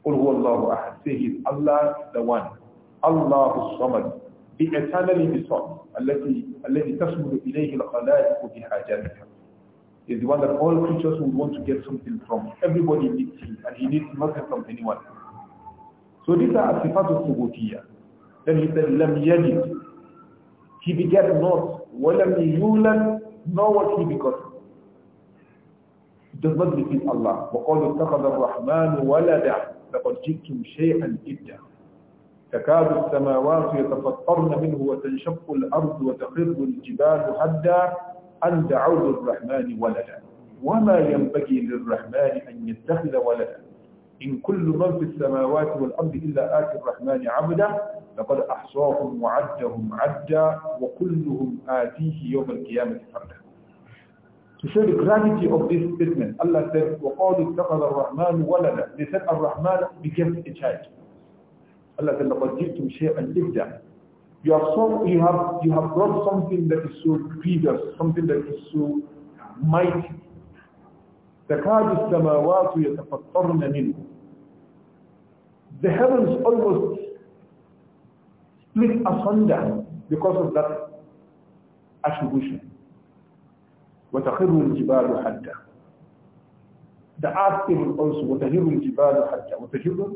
A: قُلْ هُوَ اللَّهُ أَحَدْ Say He is Allah the One, الله الصمد بإتانل بصمد التي الذي تصمد إليه الخلائق بحاجاتها is the one that all creatures would want to get something from. Everybody needs him and he needs nothing from anyone. So these are asifat al-subutiyya. Then he said, لم يجد. He begat not. وَلَمْ يُولَدْ Nor what he begot. does not defeat Allah. وَقَالُوا اتَّخَذَ الرَّحْمَنُ وَلَدًا لَقَدْ جِئْتُمْ شَيْئًا إِدَّا تكاد السماوات يتفطرن منه وتنشق الأرض وتخر الجبال هدا أن دعوا للرحمن ولدا وما ينبغي للرحمن أن يتخذ ولدا إن كل من في السماوات والأرض إلا آتي الرحمن عبدا لقد أحصاهم وعدهم عدا وكلهم آتيه يوم القيامة فردا To show the gravity of this statement, Allah said, وَقَالُوا اتَّخَذَ الرَّحْمَانُ وَلَدًا They said, الرحمن became a child. Allah said, "Laqad jibtum shay'an ibda." You have some, you have you have brought something that is so grievous, something that is so mighty. تكاد السماوات يتفطرن منه. The heavens almost split asunder because of that attribution. وتخر الجبال حدا. The earth will also وتهر الجبال حدا وتجر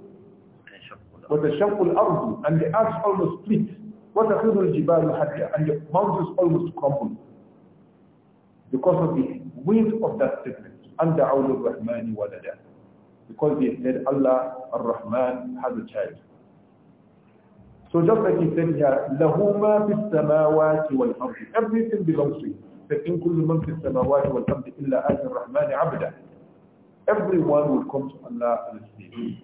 A: وَتَشَقُّ الْأَرْضُ And the earth almost split. وَتَخِذُ الْجِبَالُ حَتَّى And the mountains almost crumble. Because of the weight of that statement. أَنْ دَعَوْلُ الرَّحْمَانِ وَلَدًا Because they said Allah, Ar-Rahman, has a child. So just like he said here, لَهُ مَا فِي السَّمَاوَاتِ وَالْأَرْضِ Everything belongs to him. فَإِنْ كُلُّ مَنْ فِي السَّمَاوَاتِ وَالْأَرْضِ إِلَّا آتِ الرَّحْمَنِ عَبْدًا Everyone will come to Allah and his name.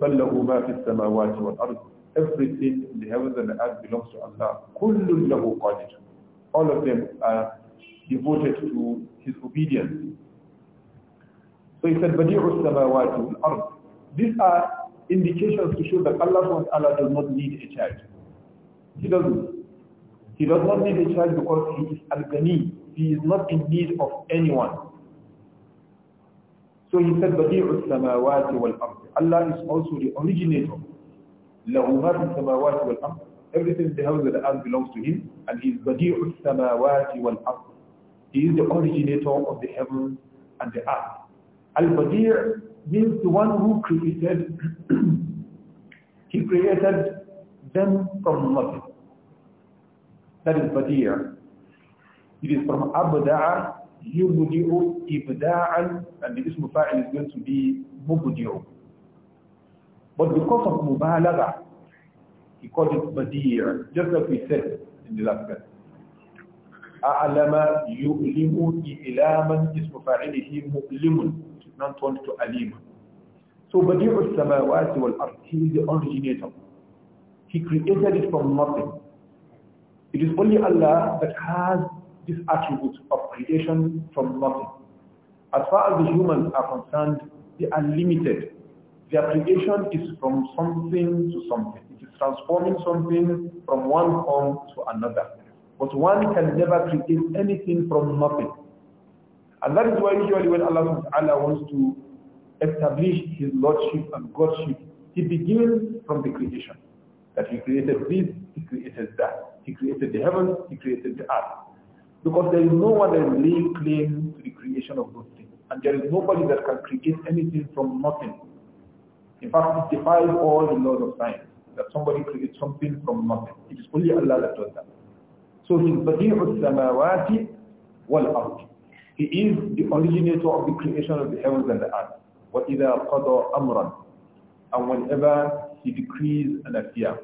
A: فله ما في السماوات والأرض everything in the heavens and the earth belongs to Allah كل له قانت all of them are devoted to his obedience so he said بديع السماوات والأرض these are indications to show that Allah Allah does not need a child he doesn't he does not need a child because he is al-ghani he is not in need of anyone so he said, بَدِيعُ السَّمَاوَاتِ وَالْأَرْضِ Allah is also the originator. لَهُ مَا فِي السَّمَاوَاتِ وَالْأَرْضِ Everything in the heavens and the earth belongs to him, and he is بَدِيعُ السَّمَاوَاتِ وَالْأَرْض He is the originator of the heavens and the earth. Al-Badi' means the one who created, he created them from nothing. That is Badi'. It is from Abda'a يبدئ إبداعا and the ism fa'il is going to be مبدئ but because of مبالغة he called it badir just like we said in the last class أعلم يؤلم إلاما اسم فاعله مؤلم not turned to أليم so بديع السماوات والأرض he is the originator he created it from nothing it is only Allah that has this attribute of creation from nothing. As far as the humans are concerned, they are limited. Their creation is from something to something. It is transforming something from one form to another. But one can never create anything from nothing. And that is why usually when Allah Ta'ala wants to establish his lordship and godship, he begins from the creation. That he created this, he created that. He created the heavens, he created the earth. Because there is no one that lay claim to the creation of those things. And there is nobody that can create anything from nothing. In fact, it defies all the laws of science that somebody creates something from nothing. It is only Allah that does that. So he is Badi'u samawati wal ard. He is the originator of the creation of the heavens and the earth. وَإِذَا قَضَى Amran, And whenever he decrees an affair,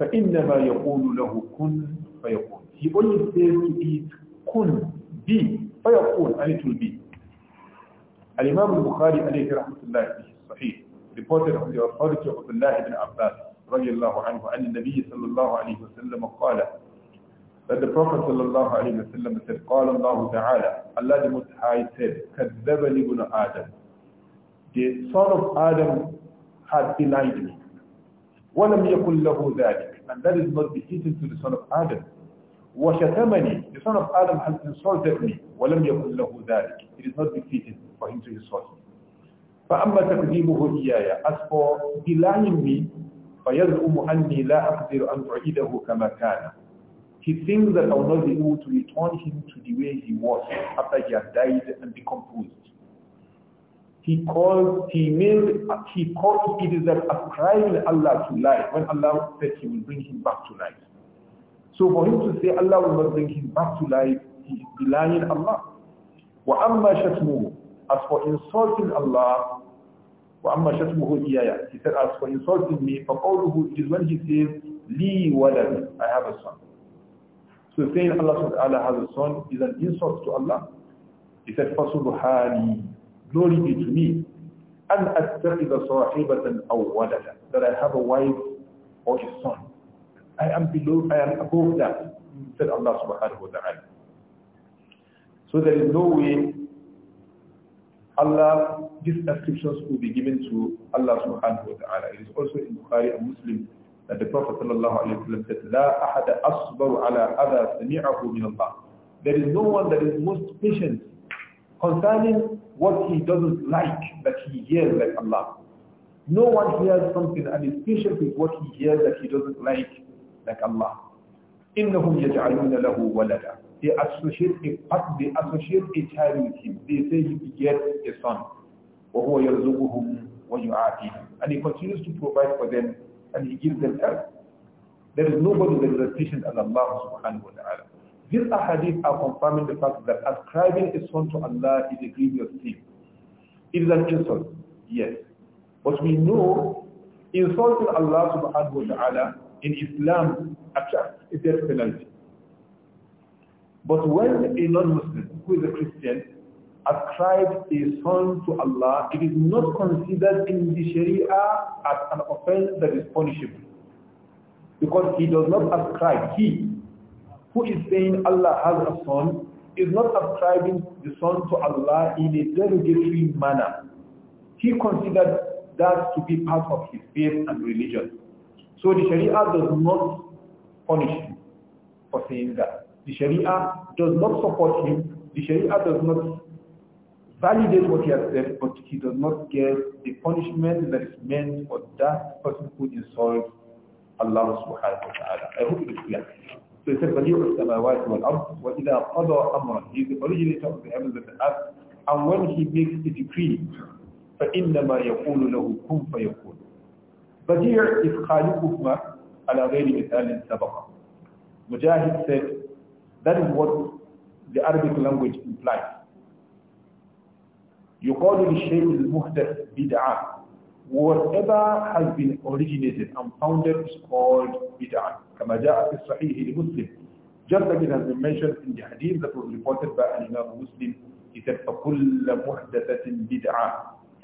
A: فَإِنَّمَا يَقُولُ لَهُ كُنْ فَيَقُولُ he only says to it, kun, be, fayakun, and it will be. Al-Imam al-Bukhari alayhi rahmatullah sahih reported on the authority of Abdullah ibn Abbas radiallahu anhu and the Nabi sallallahu alayhi wa sallam qala that the Prophet sallallahu alayhi wa sallam said قال الله Allah the Most High said كذبني ابن Adam, the son of Adam had denied me ولم يكن له ذلك and that is not befitting to the son of Adam وَشَتَمَنِي The son of Adam has insulted me. وَلَمْ يَكُنْ لَهُ ذَلك. It is not befitting for him to insult me. فَأَمَّا تَكْذِيبُهُ إِيَّايَ As for denying me, فَيَزْعُمُ أَنِّي لَا أَقْدِرُ أَنْ تُعِيدَهُ كَمَا كَانَ He thinks that I will not be able to return him to the way he was after he had died and decomposed. He called, he made, he called it is that ascribing Allah to life when Allah said he will bring him back to life. So for him to say Allah will not bring him back to life, he is denying Allah. وَأَمَّا شَتْمُهُ As for insulting Allah, وَأَمَّا شَتْمُهُ إِيَيَا He said, as for insulting me, فَقَوْلُهُ It is when he says, لِي وَلَدٍ I have a son. So saying Allah has a son is an insult to Allah. He said, فَسُبْحَانِي Glory be to me. أَنْ أَتَّخِذَ صَاحِبَةً أَوْ وَلَدًا That I have a wife or a son. I am below, I am above that, said Allah subhanahu wa ta'ala. So there is no way Allah, these ascriptions will be given to Allah subhanahu wa ta'ala. It is also in Bukhari and Muslim that the Prophet sallallahu alayhi wa sallam said, لا أحد أصبر على أذى سمعه من الله. There is no one that is most patient concerning what he doesn't like that he hears like Allah. No one hears something and is patient with what he hears that he doesn't like like Allah. إِنَّهُمْ يَجْعَلُونَ لَهُ وَلَدًا They associate a they associate a child with him. They say he begets a son. وَهُوَ يَرْزُقُهُمْ وَيُعَافِيهِمْ And he continues to provide for them and he gives them help. There is nobody that is as patient as Allah subhanahu wa ta'ala. These ahadith are confirming the fact that ascribing a son to Allah is a grievous sin. It is an insult, yes. But we know insulting Allah subhanahu wa ta'ala in Islam attracts a death penalty. But when a non-Muslim who is a Christian ascribes a son to Allah, it is not considered in the Sharia as an offense that is punishable. Because he does not ascribe, he who is saying Allah has a son is not ascribing the son to Allah in a derogatory manner. He considered that to be part of his faith and religion. So the Sharia does not punish him for saying that. The Sharia does not support him. The Sharia does not validate what he has said, but he does not get the punishment that is meant for that person who insults Allah subhanahu wa ta'ala. I hope it is clear. So he said, فَلِيُعْ السَّمَاوَاتِ وَالْأَرْضِ وَإِذَا قَضَى أَمْرًا He is the originator of the heavens and the earth. And when he makes a decree, فَإِنَّمَا يَقُولُ لَهُ كم فيقول." Bashir is Khaliquhuma ala ghayri mithalin sabaqa. Mujahid said, that is what the Arabic language implies. يقال للشيء المحدث بدعة whatever has been originated and founded is called bid'ah. كما جاء في الصحيح لمسلم. Just like it has been mentioned in the hadith that was reported by an Imam Muslim, he said, فَكُلَّ مُحْدَثَةٍ بِدْعَةٍ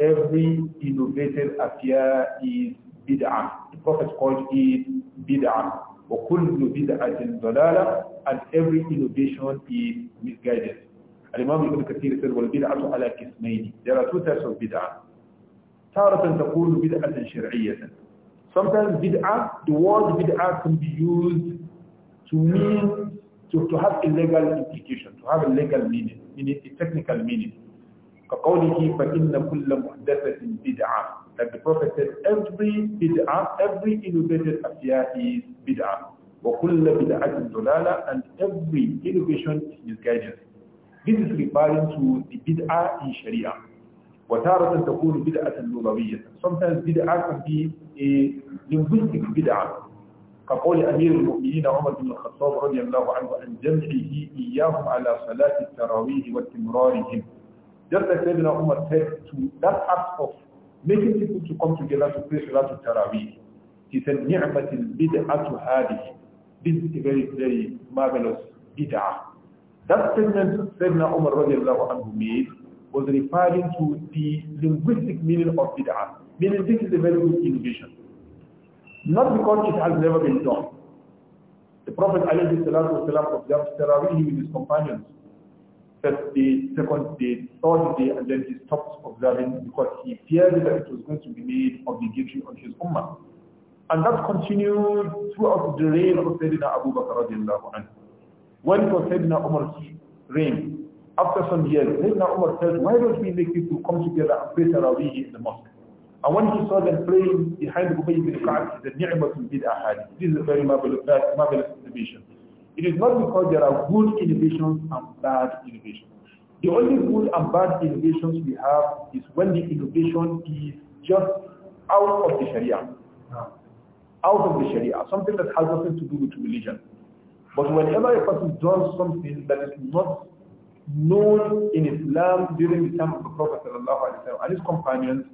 A: Every innovated affair is bid'ah. The Prophet called it bid'ah. وَكُلُّ بِدْعَةٍ And every innovation is misguided. الإمام ابن كثير said والبدعة على قسمين. There are two types of bid'ah. تارة بدعة شرعية. Sometimes bid'ah, the word bid'ah can be used to mean, to, to have a legal implication, to have a legal meaning, meaning a technical meaning. كقوله فإن كل محدثة بدعة like the Prophet said, every bid'ah, every innovated affair is bid'ah. وَكُلَّ بِدْعَةٍ ضَلَالَةٍ And every innovation is misguidance. This is referring to the bid'ah in Sharia. وتارة تكون بدعة لغوية. Sometimes bid'ah can be a linguistic bid'ah. كقول أمير المؤمنين عمر بن الخطاب رضي الله عنه عن جمعه إياهم على صلاة التراويح واستمرارهم. Just like Sayyidina Umar said to that act of making people to come together to pray Salat al-Tarawih. He said, نِعْمَةِ الْبِدْعَةُ هَذِهِ This is a very, very marvelous bid'ah. That statement Sayyidina Umar radiallahu anhu made was referring to the linguistic meaning of bid'ah, meaning this is a very good innovation. Not because it has never been done. The Prophet ﷺ observed Tarawih with his companions the second day, third day, and then he stopped observing because he feared that it was going to be made obligatory on his ummah. And that continued throughout the reign of Sayyidina Abu Bakr radiallahu anhu. When it was Sayyidina Umar's reign, after some years, Sayyidina Umar said, why don't we make people come together and pray Tarawih in the mosque? And when he saw them praying behind Ubay bin Ka'ab, he said, This is a very marvelous, marvelous exhibition. It is not because there are good innovations and bad innovations. The only good and bad innovations we have is when the innovation is just out of the Sharia. Out of the Sharia, something that has nothing to do with religion. But whenever a person does something that is not known in Islam during the time of the Prophet and his companions,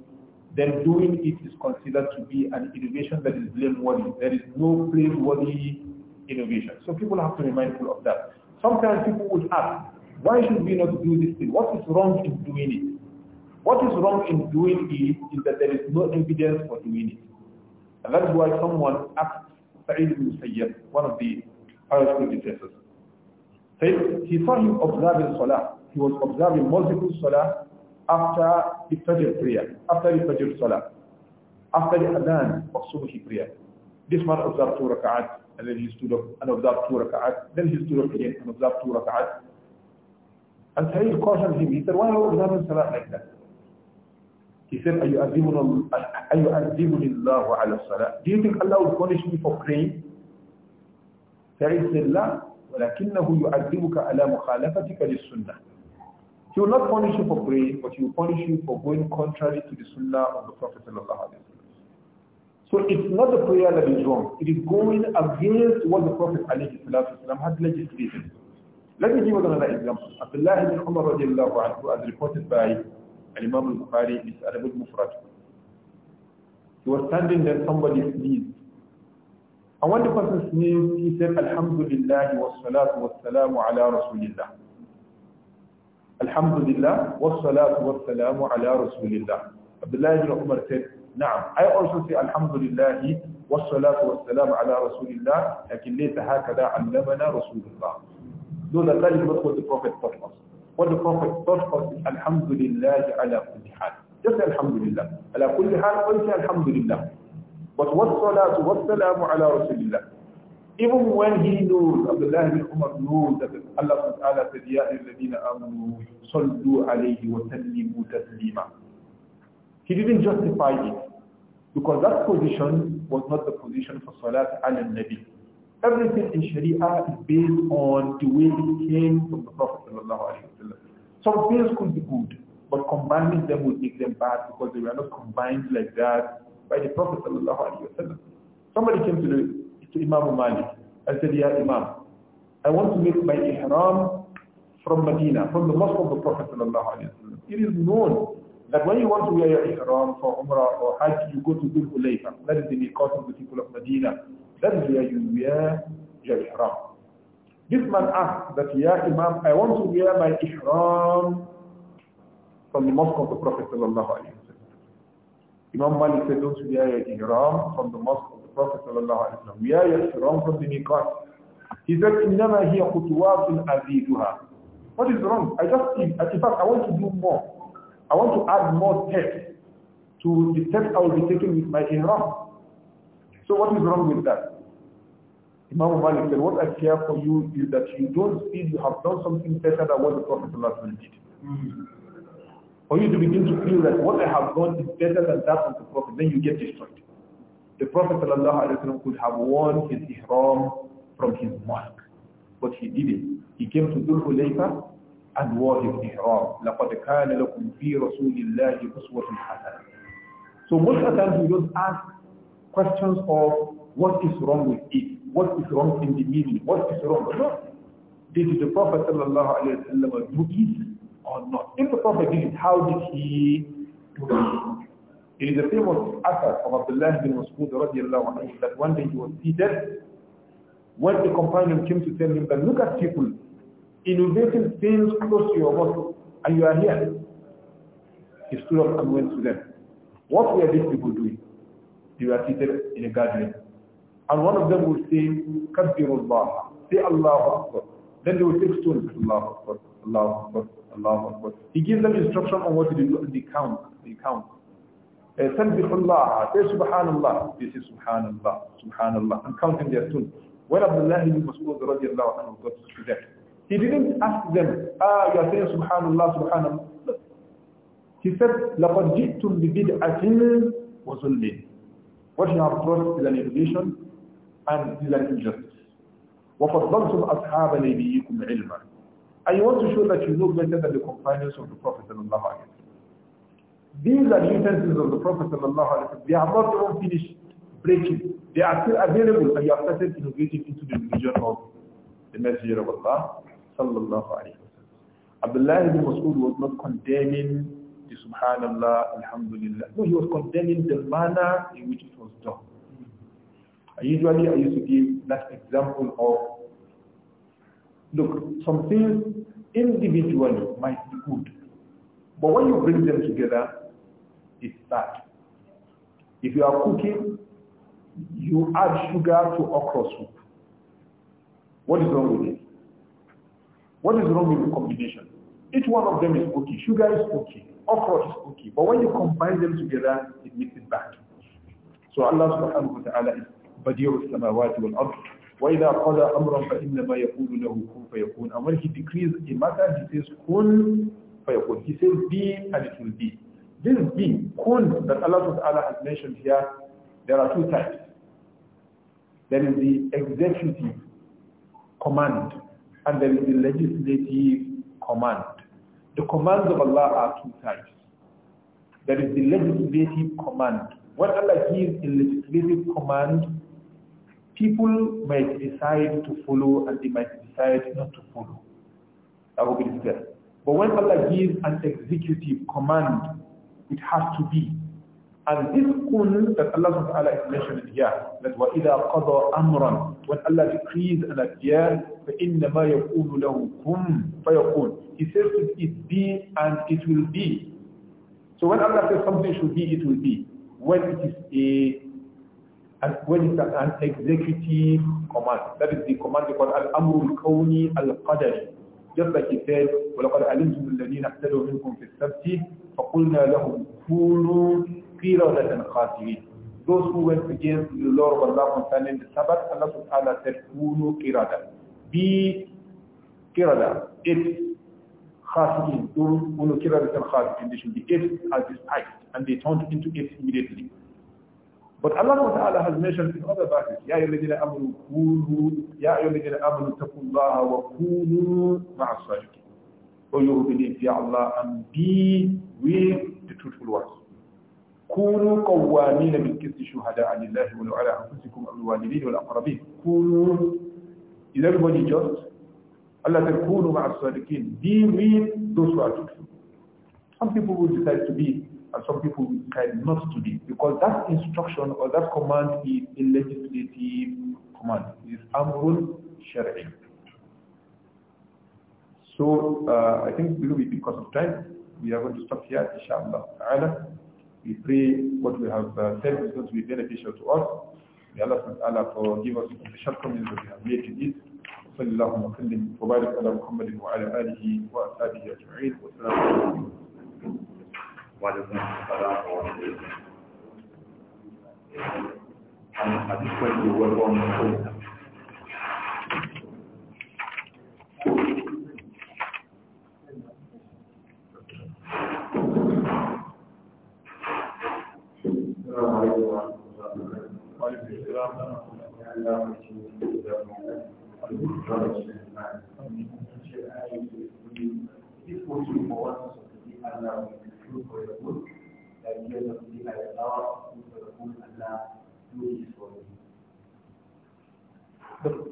A: then doing it is considered to be an innovation that is blameworthy. There is no praiseworthy innovation. So people have to be mindful of that. Sometimes people would ask, why should we not do this thing? What is wrong in doing it? What is wrong in doing it is that there is no evidence for doing it. And that is why someone asked Sa'id ibn Sayyid, one of the Arab predecessors. Said he saw him observing Salah. He was observing multiple Salah after the Fajr prayer, after the Fajr Salah, after the Adhan of Subhi prayer. This man observed two rak'at and then he stood up and observed two rak'at, then he stood up again and observed two rak'at. And Sayyid cautioned him, he said, why are you observing salah like that? He said, أَيُعَذِّبُنِ اللَّهُ عَلَى الصَّلَاةِ Do you think Allah will punish me for praying? Sayyid said, لَا وَلَكِنَّهُ يُعَذِّبُكَ عَلَى مُخَالَفَتِكَ لِلسُّنَّةِ He will not punish you for praying, but he will punish you for going contrary to the sunnah of the Prophet sallallahu so it's not the prayer that is wrong. It is going against what the Prophet ﷺ had legislated. Let me give another example. Abdullah ibn Umar radiallahu anhu, as reported by Imam al-Bukhari, is Arab al-Mufrad. He was standing there, somebody sneezed. And when the person sneezed, he said, Alhamdulillah wa salatu wa salamu ala Rasulillah. Alhamdulillah wa salatu wa salamu ala Rasulillah. Abdullah ibn Umar said, نعم I also say الحمد لله والصلاة والسلام على رسول الله لكن ليس هكذا علمنا رسول الله دون ذلك what the prophet taught us what the prophet taught us is الحمد لله على كل حال just الحمد لله على كل حال قلت الحمد لله but والسلام على رسول الله even when he knows Abdullah bin Umar knows that Allah subhanahu الذين آمنوا صلوا عليه وسلموا تسليما He didn't justify it because that position was not the position for Salat al-Nabi. Everything in Sharia is based on the way it came from the Prophet Some things could be good, but combining them would make them bad because they were not combined like that by the Prophet Somebody came to, the, to Imam Malik and said, Ya Imam, I want to make my ihram from Medina, from the mosque of the Prophet It is known that when you want to wear your ihram for Umrah or Hajj, you go to Dhul Hulayfa. That is the miqat of the people of Medina. That is where you wear your ihram. This man asked that, Ya Imam, I want to wear my ihram from the mosque of the Prophet sallallahu alaihi wasallam." Imam Malik said, don't wear your ihram from the mosque of the Prophet sallallahu alaihi wasallam. Wear your ihram from the miqat. He said, إِنَّمَا هِيَ خُطُوَاتٍ أَزِيدُهَا What is wrong? I just, in fact, I want to do more. I want to add more steps to the steps I will be taking with my ihram. So what is wrong with that? Imam Malik said, what I care for you is that you don't feel you have done something better than what the Prophet did. Mm For you to begin to feel that what I have done is better than that of the Prophet, then you get destroyed. The Prophet could have worn his ihram from his mosque, but he didn't. He came to Dhul Hulayfa أدوار الإحرام لقد كان لكم في رسول الله أسوة حسنة So most of the time we do ask questions of what is wrong with it, what is wrong in the meaning, what is wrong. No. Did the Prophet sallallahu alaihi wasallam do it or not? If the Prophet did it, how did he do it? It is a famous asar from Abdullah bin Mas'ud radiallahu anhu that one day he was seated when the companion came to tell him that look at people innovating things close to your muscle, and you are here. He stood up and went to them. What were these people doing? They were seated in a garden. And one of them would say, Kabbirullah, say Allah Akbar. Then they would take stones, Allah Akbar, Allah Akbar, Allah Akbar. He gives them instruction on what to do, and they count, they count. تنبح uh, الله say Subhanallah. الله they say Subhanallah, Subhanallah, سبحان الله and counting their stones. When Abdullah ibn Mas'ud رضي الله عنه got to death, he didn't ask them, ah, you are saying subhanallah, subhanallah. He said, لَقَدْ جِئْتُمْ بِبِدْعَةٍ وَظُلِّمٍ What you have brought is an innovation and is an injustice. وَفَضَّلْتُمْ أَصْحَابَ نَبِيِّكُمْ عِلْمًا And you want to show that you know better than the companions of the Prophet sallallahu These are the utensils of the Prophet sallallahu They have not even finished breaking. They are still available and you have started innovating into the religion of the Messenger of Allah sallallahu alayhi wa Abdullah ibn Mas'ud was not condemning the subhanallah, alhamdulillah. No, he was condemning the manner in which it was done. And usually I used to give that example of, look, some things individually might be good, but when you bring them together, it's bad. If you are cooking, you add sugar to okra soup. What is wrong with it? What is wrong with the combination? Each one of them is okay. Sugar is okay. Okra is okay. But when you combine them together, it makes it bad. So Allah subhanahu wa ta'ala is Badiru samawati wal ard. وَإِذَا قَضَى أَمْرًا فَإِنَّمَا يَقُولُ لَهُ كُنْ فَيَكُونُ And when he decrees a matter, he says kun fayakun. He says be and it will be. This be, kun, that Allah subhanahu wa Ta'ala has mentioned here, there are two types. There is the executive command and there is the legislative command. The commands of Allah are two types. There is the legislative command. When Allah gives a legislative command, people might decide to follow and they might decide not to follow. That will be discussed. But when Allah gives an executive command, it has to be. And this kun that Allah Ta'ala is mentioned here, that وَإِذَا قَضَى أَمْرًا When Allah decrees an affair, فَإِنَّمَا يَقُولُ لَهُ كُمْ فَيَقُولُ He says to it be and it will be. So when Allah says something should be, it will be. When it is a and when it's an executive command, that is the command they call Al-Amru Al-Kawni Al-Qadari. Just like he said, وَلَقَدْ عَلِمْتُمُ الَّذِينَ اَحْتَدُوا مِنْكُمْ فِي السَّبْتِ فَقُلْنَا لَهُمْ كُونُوا في رولة خاسرين those who went against the law of Allah concerning the Sabbath, Allah subhanahu wa ta'ala said, Kunu kirada. Be kirada. It's khasikin. Kunu kirada is khasikin. They should be apes as despised. And they turned into it immediately. But Allah subhanahu wa ta'ala has mentioned in other verses, Ya ayyuhalladhina amanu kunu, Ya ayyuhalladhina amanu taqullaha wa kunu ma'as-sadiqin. O you who believe, Ya Allah, and be with the truthful ones. كونوا قوامين بالقسط شهداء لله ولو على أنفسكم أو الوالدين والأقربين كونوا إذا everybody just Allah تكونوا مع الصادقين be with those who some people will decide to be and some people will decide not to be because that instruction or that command is a legislative command it is amrul shari'i so uh, I think we will be because of time we are going to stop here inshallah we pray what we have uh, said is going to be beneficial to us. May Allah subhanahu wa forgive us for the shortcomings that we have made in it. صلى الله وسلم وبارك على محمد وعلى آله وأصحابه أجمعين والسلام عليكم وعليكم السلام الله وبركاته.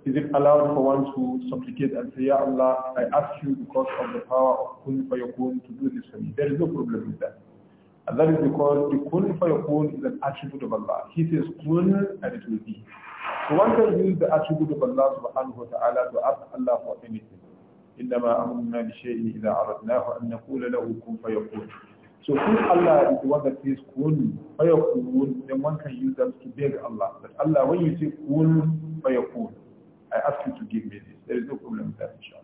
A: Is it allowed for one to supplicate and say, Ya Allah, I ask you because of the power of Kun Fayakun to do this for me? There is no problem with that. And that is because the kun fayakun is an attribute of Allah. He says kun and it will be. So one can use the attribute of Allah subhanahu wa ta'ala to ask Allah for anything. إنما أمرنا لشيء إذا أردناه أن نقول له كن فيكون. So since Allah is the one that says kun fayakun, then one can use that to beg Allah. But Allah, when you say kun fayakun, I ask you to give me this. There is no problem with that, inshallah.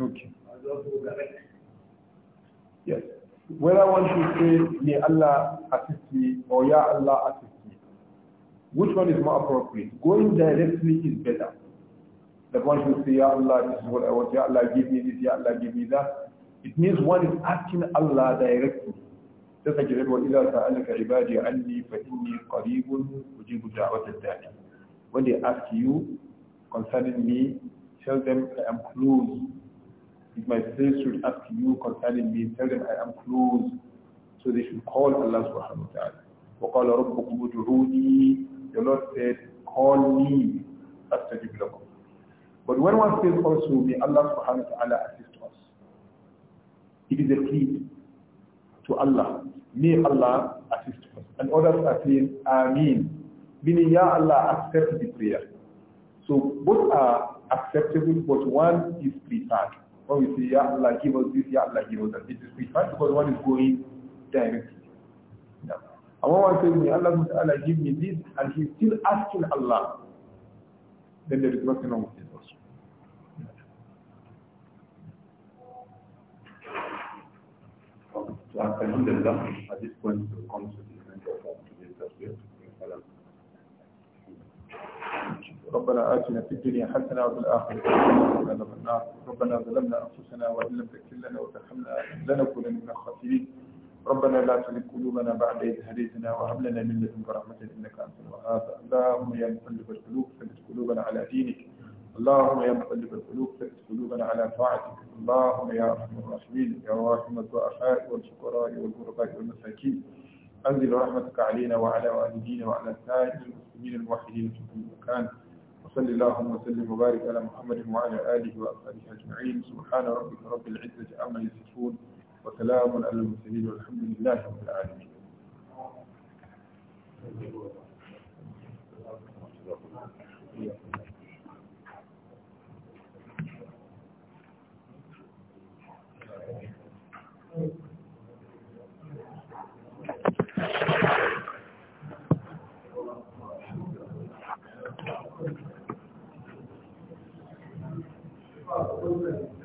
A: Okay. Yes. I want to say, may Allah assist me or Ya Allah assist me, which one is more appropriate? Going directly is better. The one who say, Ya Allah, this is what I want, Ya Allah, give me this, Ya Allah, give me that. It means one is asking Allah directly sai ki zama ila sa'alaka ibadi anni fa inni qaribun ujibu da'wat ad-da'i when they ask you concerning me tell them i am close if my slaves should ask you concerning me tell them i am close so they should call Allah subhanahu wa ta'ala وقال ربكم ادعوني the Lord said call me astajib lakum but when one says also may Allah subhanahu wa ta'ala assist us it is a plea to Allah. May Allah assist us. And others are saying, Ameen. Meaning, Ya Allah, accept the prayer. So both are acceptable, but one is preferred. When we say, Ya Allah, give us this, Ya Allah, give us that. It is preferred because one is going directly. Yeah. And when one says, May Allah, Allah give me this, and he's still asking Allah, then there is nothing wrong ربنا آتنا في الدنيا حسنة وفي الآخرة حسنة ربنا ظلمنا أنفسنا وإن لم تكن لنا وترحمنا لنكونن من الخاسرين ربنا لا تزغ قلوبنا بعد إذ هديتنا وهب لنا من لدنك رحمة إنك أنت الوهاب اللهم يا مقلب القلوب ثبت قلوبنا على دينك اللهم يا مقلب القلوب ثبت قلوبنا على طاعتك اللهم يا ارحم الراحمين يا رحمة الضعفاء والفقراء والغرباء والمساكين انزل رحمتك علينا وعلى والدينا وعلى سائر المسلمين الموحدين في كل مكان وصل اللهم وسلم وبارك على محمد وعلى اله واصحابه اجمعين سبحان ربك رب العزه عما يصفون وسلام على المرسلين والحمد لله رب العالمين Thank you.
B: Thank you.